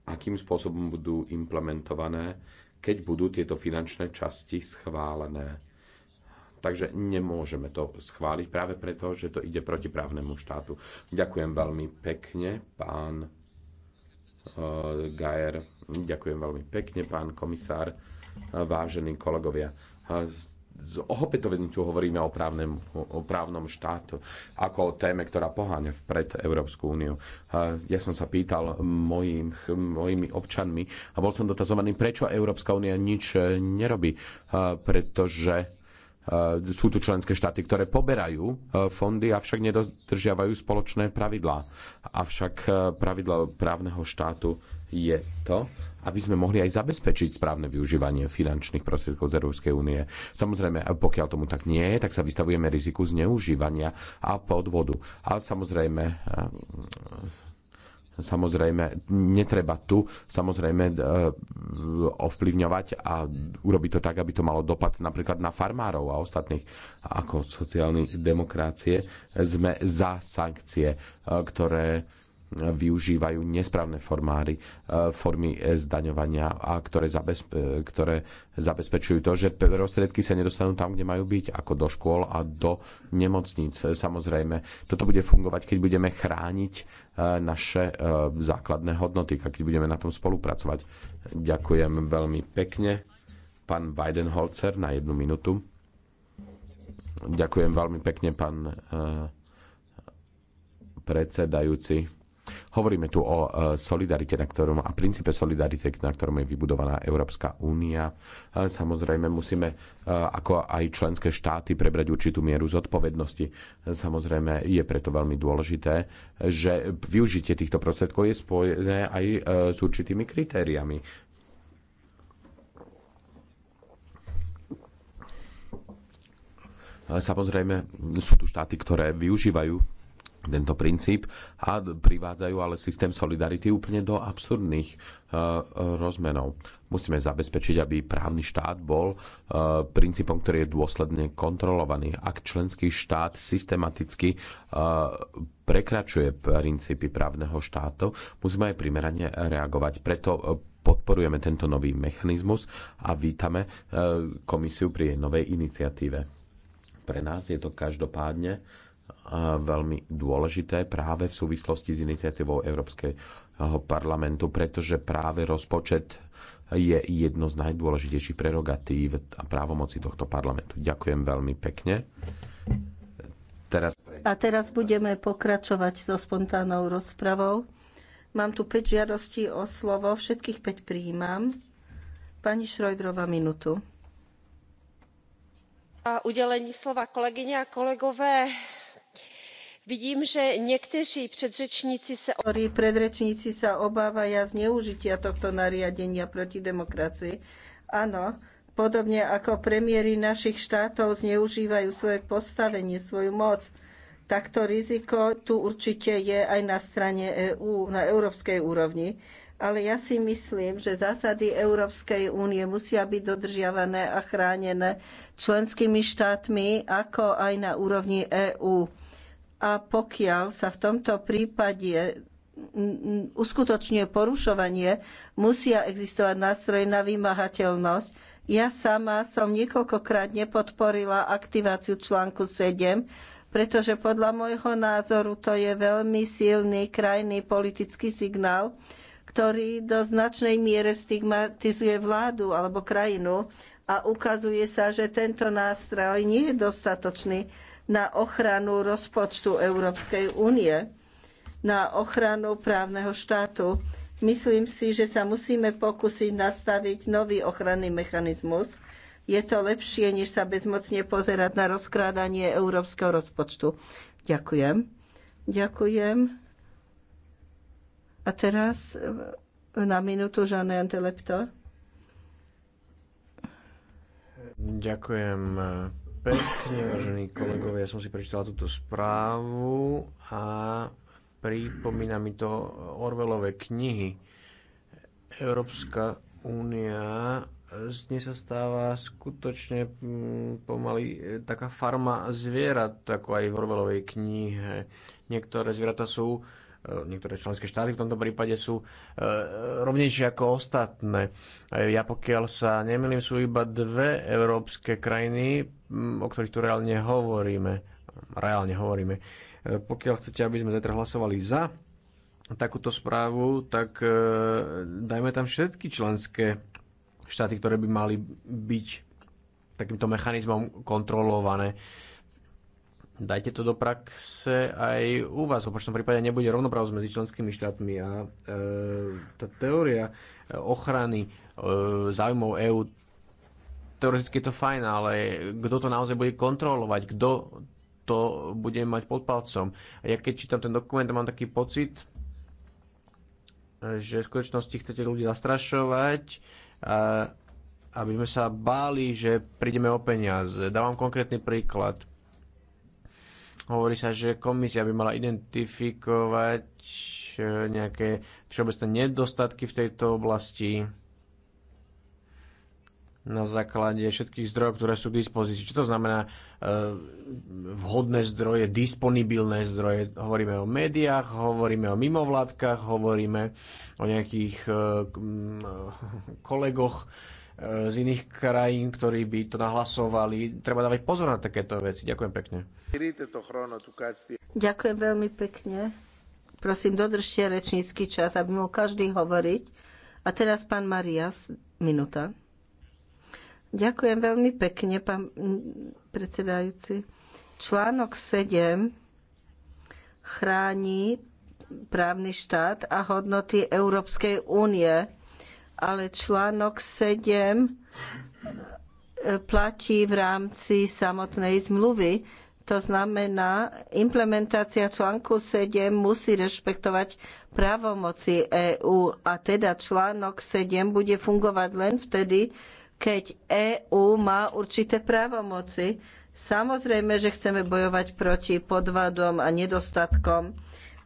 akým spôsobom budú implementované, keď budú tieto finančné časti schválené. Takže nemôžeme to schváliť práve preto, že to ide proti právnemu štátu. Ďakujem veľmi pekne, pán e, Gajer. Ďakujem veľmi pekne, pán komisár, e, vážení kolegovia. E, z tu hovoríme o, právnem, o právnom štátu ako o téme, ktorá poháňa vpred Európsku úniu. Ja som sa pýtal mojim, mojimi občanmi a bol som dotazovaný, prečo Európska únia nič e, nerobí, e, pretože e, sú tu členské štáty, ktoré poberajú fondy, avšak nedodržiavajú spoločné pravidlá. Avšak pravidlo právneho štátu je to, aby sme mohli aj zabezpečiť správne využívanie finančných prostriedkov z Európskej únie. Samozrejme, pokiaľ tomu tak nie je, tak sa vystavujeme riziku zneužívania a podvodu. A samozrejme, e, samozrejme netreba tu samozrejme e, ovplyvňovať a urobiť to tak, aby to malo dopad napríklad na farmárov a ostatných ako sociálni demokracie. Sme za sankcie, e, ktoré využívajú nesprávne formáry, e, formy zdaňovania, a ktoré, zabezpe- ktoré zabezpečujú to, že prostriedky sa nedostanú tam, kde majú byť, ako do škôl a do nemocníc. Samozrejme, toto bude fungovať, keď budeme chrániť e, naše e, základné hodnoty a keď budeme na tom spolupracovať. Ďakujem veľmi pekne. Pán Weidenholzer na jednu minútu. Ďakujem veľmi pekne, pán predsedajúci Hovoríme tu o e, solidarite, na ktorom a princípe solidarite, na ktorom je vybudovaná Európska únia. E, samozrejme musíme e, ako aj členské štáty prebrať určitú mieru zodpovednosti. Samozrejme je preto veľmi dôležité, že využitie týchto prostriedkov je spojené aj s určitými kritériami. Samozrejme sú tu štáty, ktoré využívajú tento princíp a privádzajú ale systém solidarity úplne do absurdných e, rozmenov. Musíme zabezpečiť, aby právny štát bol e, princípom, ktorý je dôsledne kontrolovaný. Ak členský štát systematicky e, prekračuje princípy právneho štátu, musíme aj primerane reagovať. Preto podporujeme tento nový mechanizmus a vítame komisiu pri jej novej iniciatíve. Pre nás je to každopádne veľmi dôležité práve v súvislosti s iniciatívou Európskeho parlamentu, pretože práve rozpočet je jedno z najdôležitejších prerogatív a právomoci tohto parlamentu. Ďakujem veľmi pekne. Teraz... A teraz budeme pokračovať so spontánnou rozpravou. Mám tu 5 žiadostí o slovo, všetkých 5 prijímam. Pani Šrojdrova, minutu. A udelení slova kolegyne a kolegové, vidím že niektorí predrečníci sa predrečníci sa obávajú zneužitia tohto nariadenia proti demokracii. Áno, podobne ako premiéri našich štátov zneužívajú svoje postavenie, svoju moc, tak to riziko tu určite je aj na strane EÚ, EU, na európskej úrovni ale ja si myslím, že zásady Európskej únie musia byť dodržiavané a chránené členskými štátmi, ako aj na úrovni EÚ a pokiaľ sa v tomto prípade uskutočňuje porušovanie, musia existovať nástroje na vymahateľnosť. Ja sama som niekoľkokrát nepodporila aktiváciu článku 7, pretože podľa môjho názoru to je veľmi silný krajný politický signál, ktorý do značnej miery stigmatizuje vládu alebo krajinu a ukazuje sa, že tento nástroj nie je dostatočný na ochranu rozpočtu Európskej únie, na ochranu právneho štátu. Myslím si, že sa musíme pokúsiť nastaviť nový ochranný mechanizmus. Je to lepšie, než sa bezmocne pozerať na rozkrádanie európskeho rozpočtu. Ďakujem. Ďakujem. A teraz na minútu Žané Antelepto. Ďakujem pekne, vážení kolegovia. Ja som si prečítala túto správu a pripomína mi to Orvelové knihy. Európska únia z nej sa stáva skutočne mm, pomaly e, taká farma zvierat, ako aj v Orvelovej knihe. Niektoré zvieratá sú E, niektoré členské štáty v tomto prípade sú e, rovnejšie ako ostatné. E, ja pokiaľ sa nemýlim, sú iba dve európske krajiny, o ktorých tu reálne hovoríme. Reálne hovoríme. Pokiaľ chcete, aby sme zajtra hlasovali za takúto správu, tak dajme tam všetky členské štáty, ktoré by mali byť takýmto mechanizmom kontrolované. Dajte to do praxe aj u vás. V opačnom prípade nebude rovnoprávosť medzi členskými štátmi a e, tá teória e, ochrany e, záujmov EÚ teoreticky je to fajn, ale kto to naozaj bude kontrolovať, kto to bude mať pod palcom. A ja keď čítam ten dokument, mám taký pocit, že v skutočnosti chcete ľudí zastrašovať, aby sme sa báli, že prídeme o peniaze. Dávam konkrétny príklad Hovorí sa, že komisia by mala identifikovať eh, nejaké všeobecné nedostatky v tejto oblasti na základe všetkých zdrojov, ktoré sú k dispozícii. Čo to znamená eh, vhodné zdroje, disponibilné zdroje? Hovoríme o médiách, hovoríme o mimovládkach, hovoríme o nejakých eh, kolegoch, z iných krajín, ktorí by to nahlasovali. Treba dávať pozor na takéto veci. Ďakujem pekne. Ďakujem veľmi pekne. Prosím, dodržte rečnícky čas, aby mohol každý hovoriť. A teraz pán Marias, minúta. Ďakujem veľmi pekne, pán predsedajúci. Článok 7 chráni právny štát a hodnoty Európskej únie ale článok 7 e, platí v rámci samotnej zmluvy. To znamená, implementácia článku 7 musí rešpektovať právomoci EÚ a teda článok 7 bude fungovať len vtedy, keď EÚ má určité právomoci. Samozrejme, že chceme bojovať proti podvadom a nedostatkom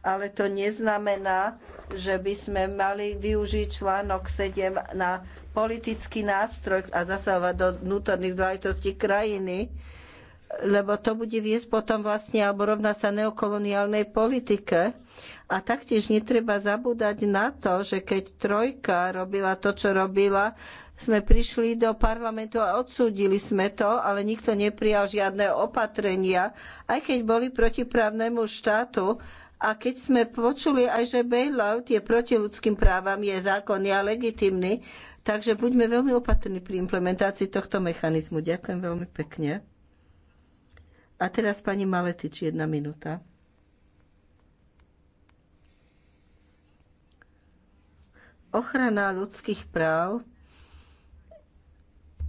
ale to neznamená, že by sme mali využiť článok 7 na politický nástroj a zasahovať do vnútorných záležitostí krajiny, lebo to bude viesť potom vlastne alebo rovná sa neokoloniálnej politike. A taktiež netreba zabúdať na to, že keď Trojka robila to, čo robila, sme prišli do parlamentu a odsúdili sme to, ale nikto neprijal žiadne opatrenia, aj keď boli proti právnemu štátu, a keď sme počuli aj, že bailout je proti ľudským právam, je zákonný a legitimný, takže buďme veľmi opatrní pri implementácii tohto mechanizmu. Ďakujem veľmi pekne. A teraz pani Maletič, jedna minúta. Ochrana ľudských práv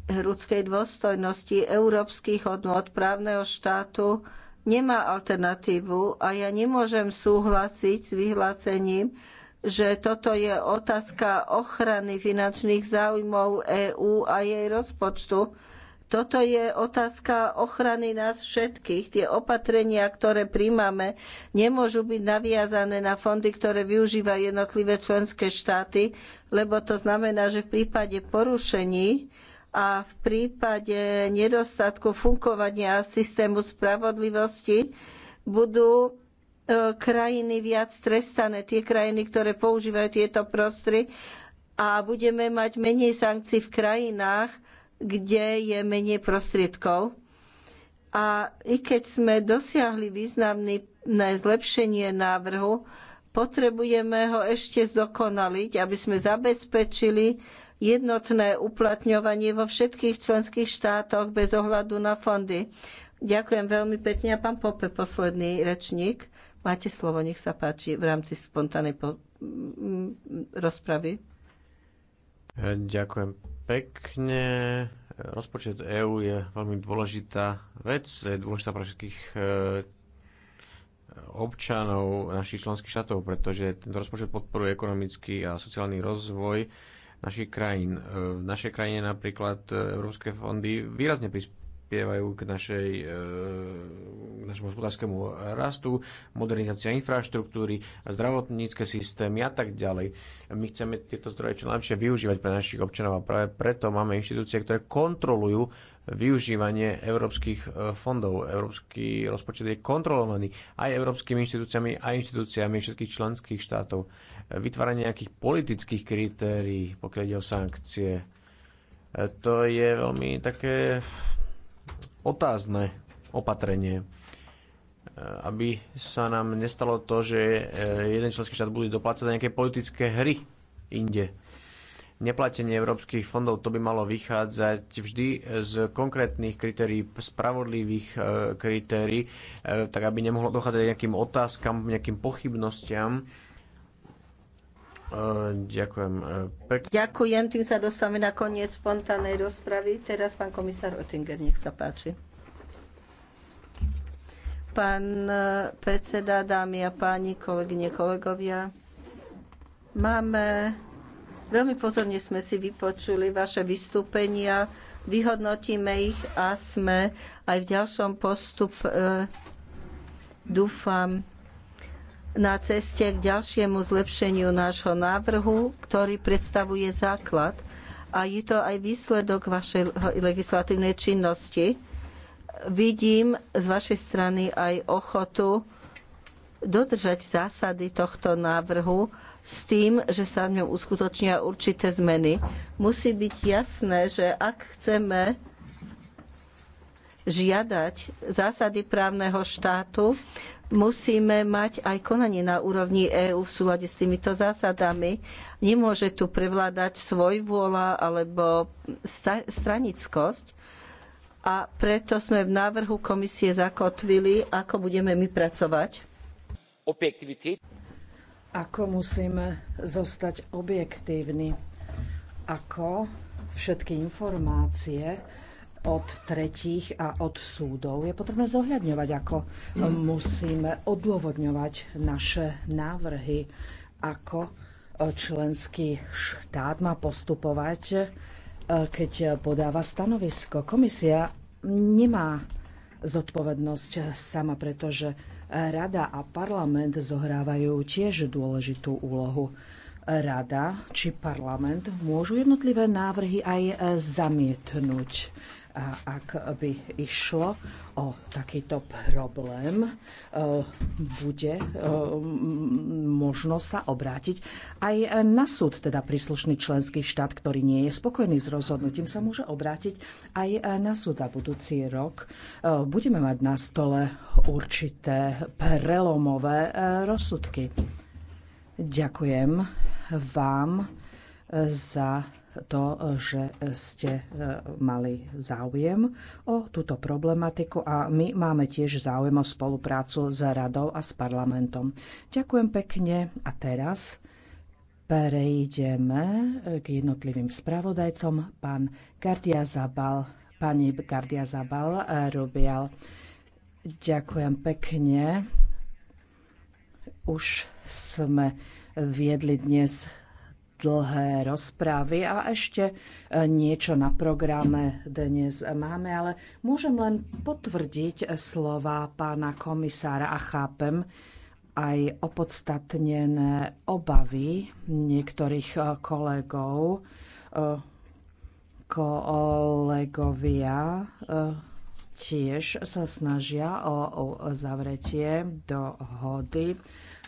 ľudskej dôstojnosti, európskych hodnot, právneho štátu nemá alternatívu a ja nemôžem súhlasiť s vyhlásením, že toto je otázka ochrany finančných záujmov EÚ a jej rozpočtu. Toto je otázka ochrany nás všetkých. Tie opatrenia, ktoré príjmame, nemôžu byť naviazané na fondy, ktoré využívajú jednotlivé členské štáty, lebo to znamená, že v prípade porušení a v prípade nedostatku fungovania systému spravodlivosti budú e, krajiny viac trestané, tie krajiny, ktoré používajú tieto prostry a budeme mať menej sankcií v krajinách, kde je menej prostriedkov. A i keď sme dosiahli významné zlepšenie návrhu, potrebujeme ho ešte zdokonaliť, aby sme zabezpečili, jednotné uplatňovanie vo všetkých členských štátoch bez ohľadu na fondy. Ďakujem veľmi pekne a pán Pope, posledný rečník. Máte slovo, nech sa páči, v rámci spontánnej mm, rozpravy. Ďakujem pekne. Rozpočet EÚ je veľmi dôležitá vec, je dôležitá pre všetkých eh, občanov našich členských štátov, pretože tento rozpočet podporuje ekonomický a sociálny rozvoj našich krajín. E, v našej krajine napríklad e, európske fondy výrazne prispievajú k, našej, e, k našemu hospodárskému rastu, modernizácia infraštruktúry, zdravotnícke systémy a tak ďalej. My chceme tieto zdroje čo najlepšie využívať pre našich občanov a práve preto máme inštitúcie, ktoré kontrolujú využívanie európskych e, fondov. Európsky rozpočet je kontrolovaný aj európskymi inštitúciami, aj inštitúciami všetkých členských štátov. E, vytváranie nejakých politických kritérií, pokiaľ ide o sankcie, e, to je veľmi také otázne opatrenie aby sa nám nestalo to, že jeden členský štát bude doplácať na nejaké politické hry inde neplatenie európskych fondov, to by malo vychádzať vždy z konkrétnych kritérií, spravodlivých e, kritérií, e, tak aby nemohlo dochádzať k nejakým otázkam, nejakým pochybnostiam. E, ďakujem. Pek- Ďakujem, tým sa dostávame na koniec spontánnej rozpravy. Teraz pán komisár Oettinger, nech sa páči. Pán predseda, dámy a páni, kolegyne, kolegovia, máme Veľmi pozorne sme si vypočuli vaše vystúpenia, vyhodnotíme ich a sme aj v ďalšom postup, e, dúfam, na ceste k ďalšiemu zlepšeniu nášho návrhu, ktorý predstavuje základ a je to aj výsledok vašej legislatívnej činnosti. Vidím z vašej strany aj ochotu dodržať zásady tohto návrhu s tým, že sa v ňom uskutočnia určité zmeny. Musí byť jasné, že ak chceme žiadať zásady právneho štátu, musíme mať aj konanie na úrovni EÚ v súlade s týmito zásadami. Nemôže tu prevládať svoj vôľa alebo stranickosť. A preto sme v návrhu komisie zakotvili, ako budeme my pracovať ako musíme zostať objektívni? Ako všetky informácie od tretích a od súdov je potrebné zohľadňovať, ako musíme odôvodňovať naše návrhy, ako členský štát má postupovať, e, keď podáva stanovisko. Komisia nemá zodpovednosť sama, pretože Rada a parlament zohrávajú tiež dôležitú úlohu. Rada či parlament môžu jednotlivé návrhy aj zamietnúť. A ak by išlo o takýto problém, e, bude e, možno sa obrátiť aj na súd, teda príslušný členský štát, ktorý nie je spokojný s rozhodnutím, sa môže obrátiť aj na súd a budúci rok. E, budeme mať na stole určité prelomové rozsudky. Ďakujem vám za to, že ste e, mali záujem o túto problematiku a my máme tiež záujem o spoluprácu s radou a s parlamentom. Ďakujem pekne a teraz prejdeme k jednotlivým spravodajcom. Pán Gardia Zabal, pani Gardia Zabal e, Rubial. Ďakujem pekne. Už sme viedli dnes dlhé rozprávy a ešte e, niečo na programe dnes máme, ale môžem len potvrdiť slova pána komisára a chápem aj opodstatnené obavy niektorých e, kolegov, e, kolegovia tiež sa snažia o, o zavretie dohody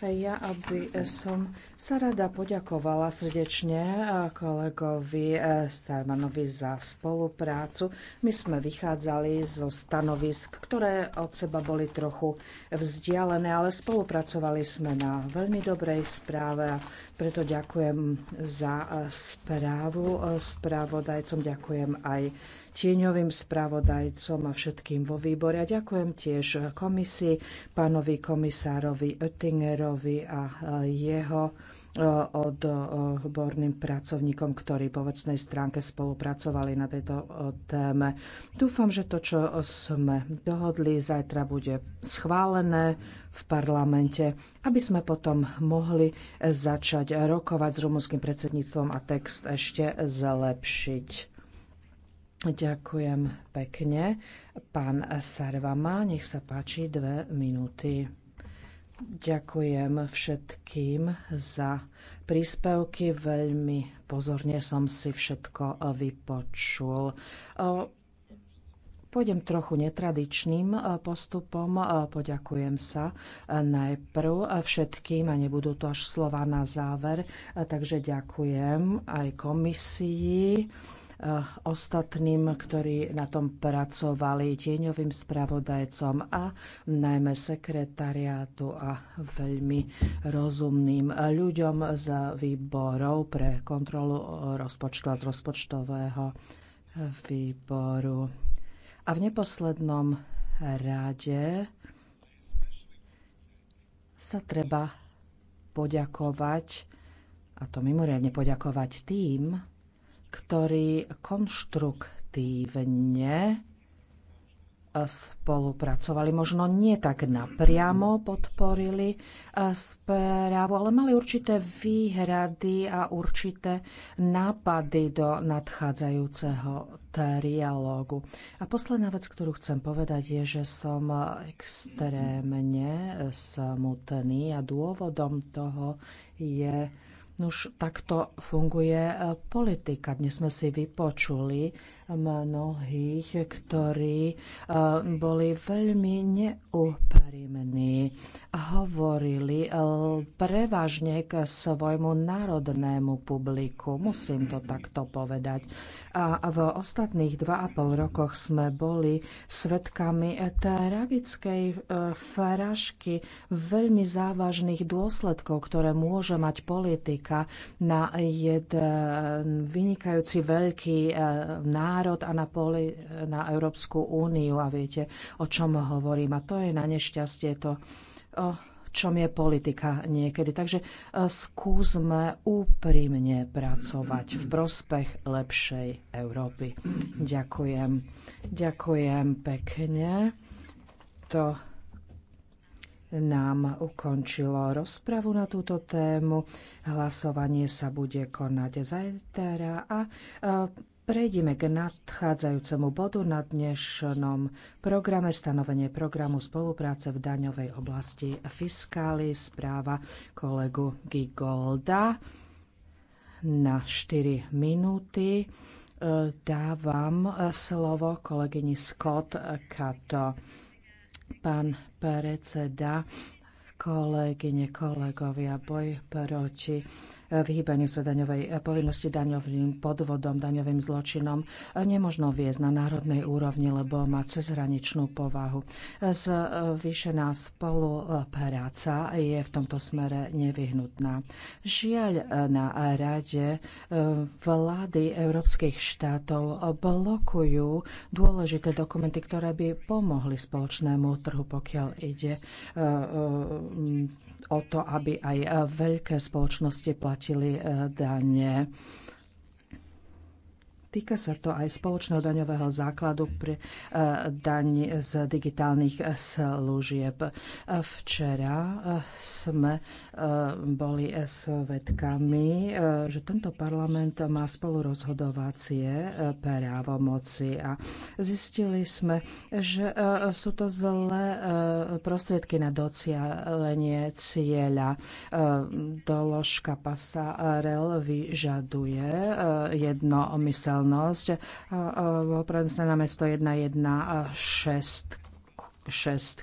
ja aby e, som sa rada poďakovala srdečne e, kolegovi e, Sarmanovi za spoluprácu. My sme vychádzali zo stanovisk, ktoré od seba boli trochu vzdialené, ale spolupracovali sme na veľmi dobrej správe a preto ďakujem za správu spravodajcom, ďakujem aj tieňovým spravodajcom a všetkým vo výbore. A ďakujem tiež komisii, pánovi komisárovi Oettingerovi a e, jeho e, odborným pracovníkom, ktorí po vecnej stránke spolupracovali na tejto e, téme. Dúfam, že to, čo sme dohodli, zajtra bude schválené v parlamente, aby sme potom mohli začať rokovať s rumúnskym predsedníctvom a text ešte zlepšiť. Ďakujem pekne. Pán Sarvama, nech sa páči dve minúty. Ďakujem všetkým za príspevky. Veľmi pozorne som si všetko vypočul. Pôjdem trochu netradičným postupom. Poďakujem sa najprv všetkým a nebudú to až slova na záver. Takže ďakujem aj komisii Eh, ostatným, ktorí na tom pracovali, tieňovým spravodajcom a najmä sekretariátu a veľmi rozumným ľuďom z výborov pre kontrolu rozpočtu a z rozpočtového výboru. A v neposlednom rade sa treba poďakovať, a to mimoriadne poďakovať tým, ktorý konštruktívne e, spolupracovali, možno nie tak napriamo podporili e, správu, ale mali určité výhrady a určité nápady do nadchádzajúceho trialógu. A posledná vec, ktorú chcem povedať, je, že som extrémne smutný a dôvodom toho je už takto funguje e, politika. Dnes sme si vypočuli mnohých, ktorí eh, boli veľmi neúprimní. Hovorili eh, prevažne k svojmu národnému publiku, musím to takto povedať. A v ostatných dva a pol rokoch sme boli svetkami teravickej eh, faražky veľmi závažných dôsledkov, ktoré môže mať politika na jeden vynikajúci veľký národ národ a na, poli, na Európsku úniu a viete, o čom hovorím. A to je na nešťastie to, o čom je politika niekedy. Takže e, skúsme úprimne pracovať v prospech lepšej Európy. Ďakujem. Ďakujem pekne. To nám ukončilo rozpravu na túto tému. Hlasovanie sa bude konať zajtra a e, Prejdime k nadchádzajúcemu bodu na dnešnom programe stanovenie programu spolupráce v daňovej oblasti fiskály správa kolegu Gigolda na 4 minúty. E, dávam e, slovo kolegyni Scott Kato. Pán predseda, kolegyne, kolegovia, boj proti vyhýbaniu sa daňovej povinnosti, daňovým podvodom, daňovým zločinom nemožno viesť na národnej úrovni, lebo má cezhraničnú povahu. Zvýšená spolupráca je v tomto smere nevyhnutná. Žiaľ na rade e, vlády európskych štátov blokujú dôležité dokumenty, ktoré by pomohli spoločnému trhu, pokiaľ ide e, e, o to, aby aj veľké spoločnosti platili zaplatili e, dane. Týka sa to aj spoločného daňového základu pri e, daň z digitálnych služieb. E, včera sme E, boli svetkami, e, že tento parlament má spolurozhodovacie e, právomoci a zistili sme, že sú to zlé prostriedky na docielenie cieľa. Doložka pasarel vyžaduje jednomyselnosť. Bol na mesto 1.1.6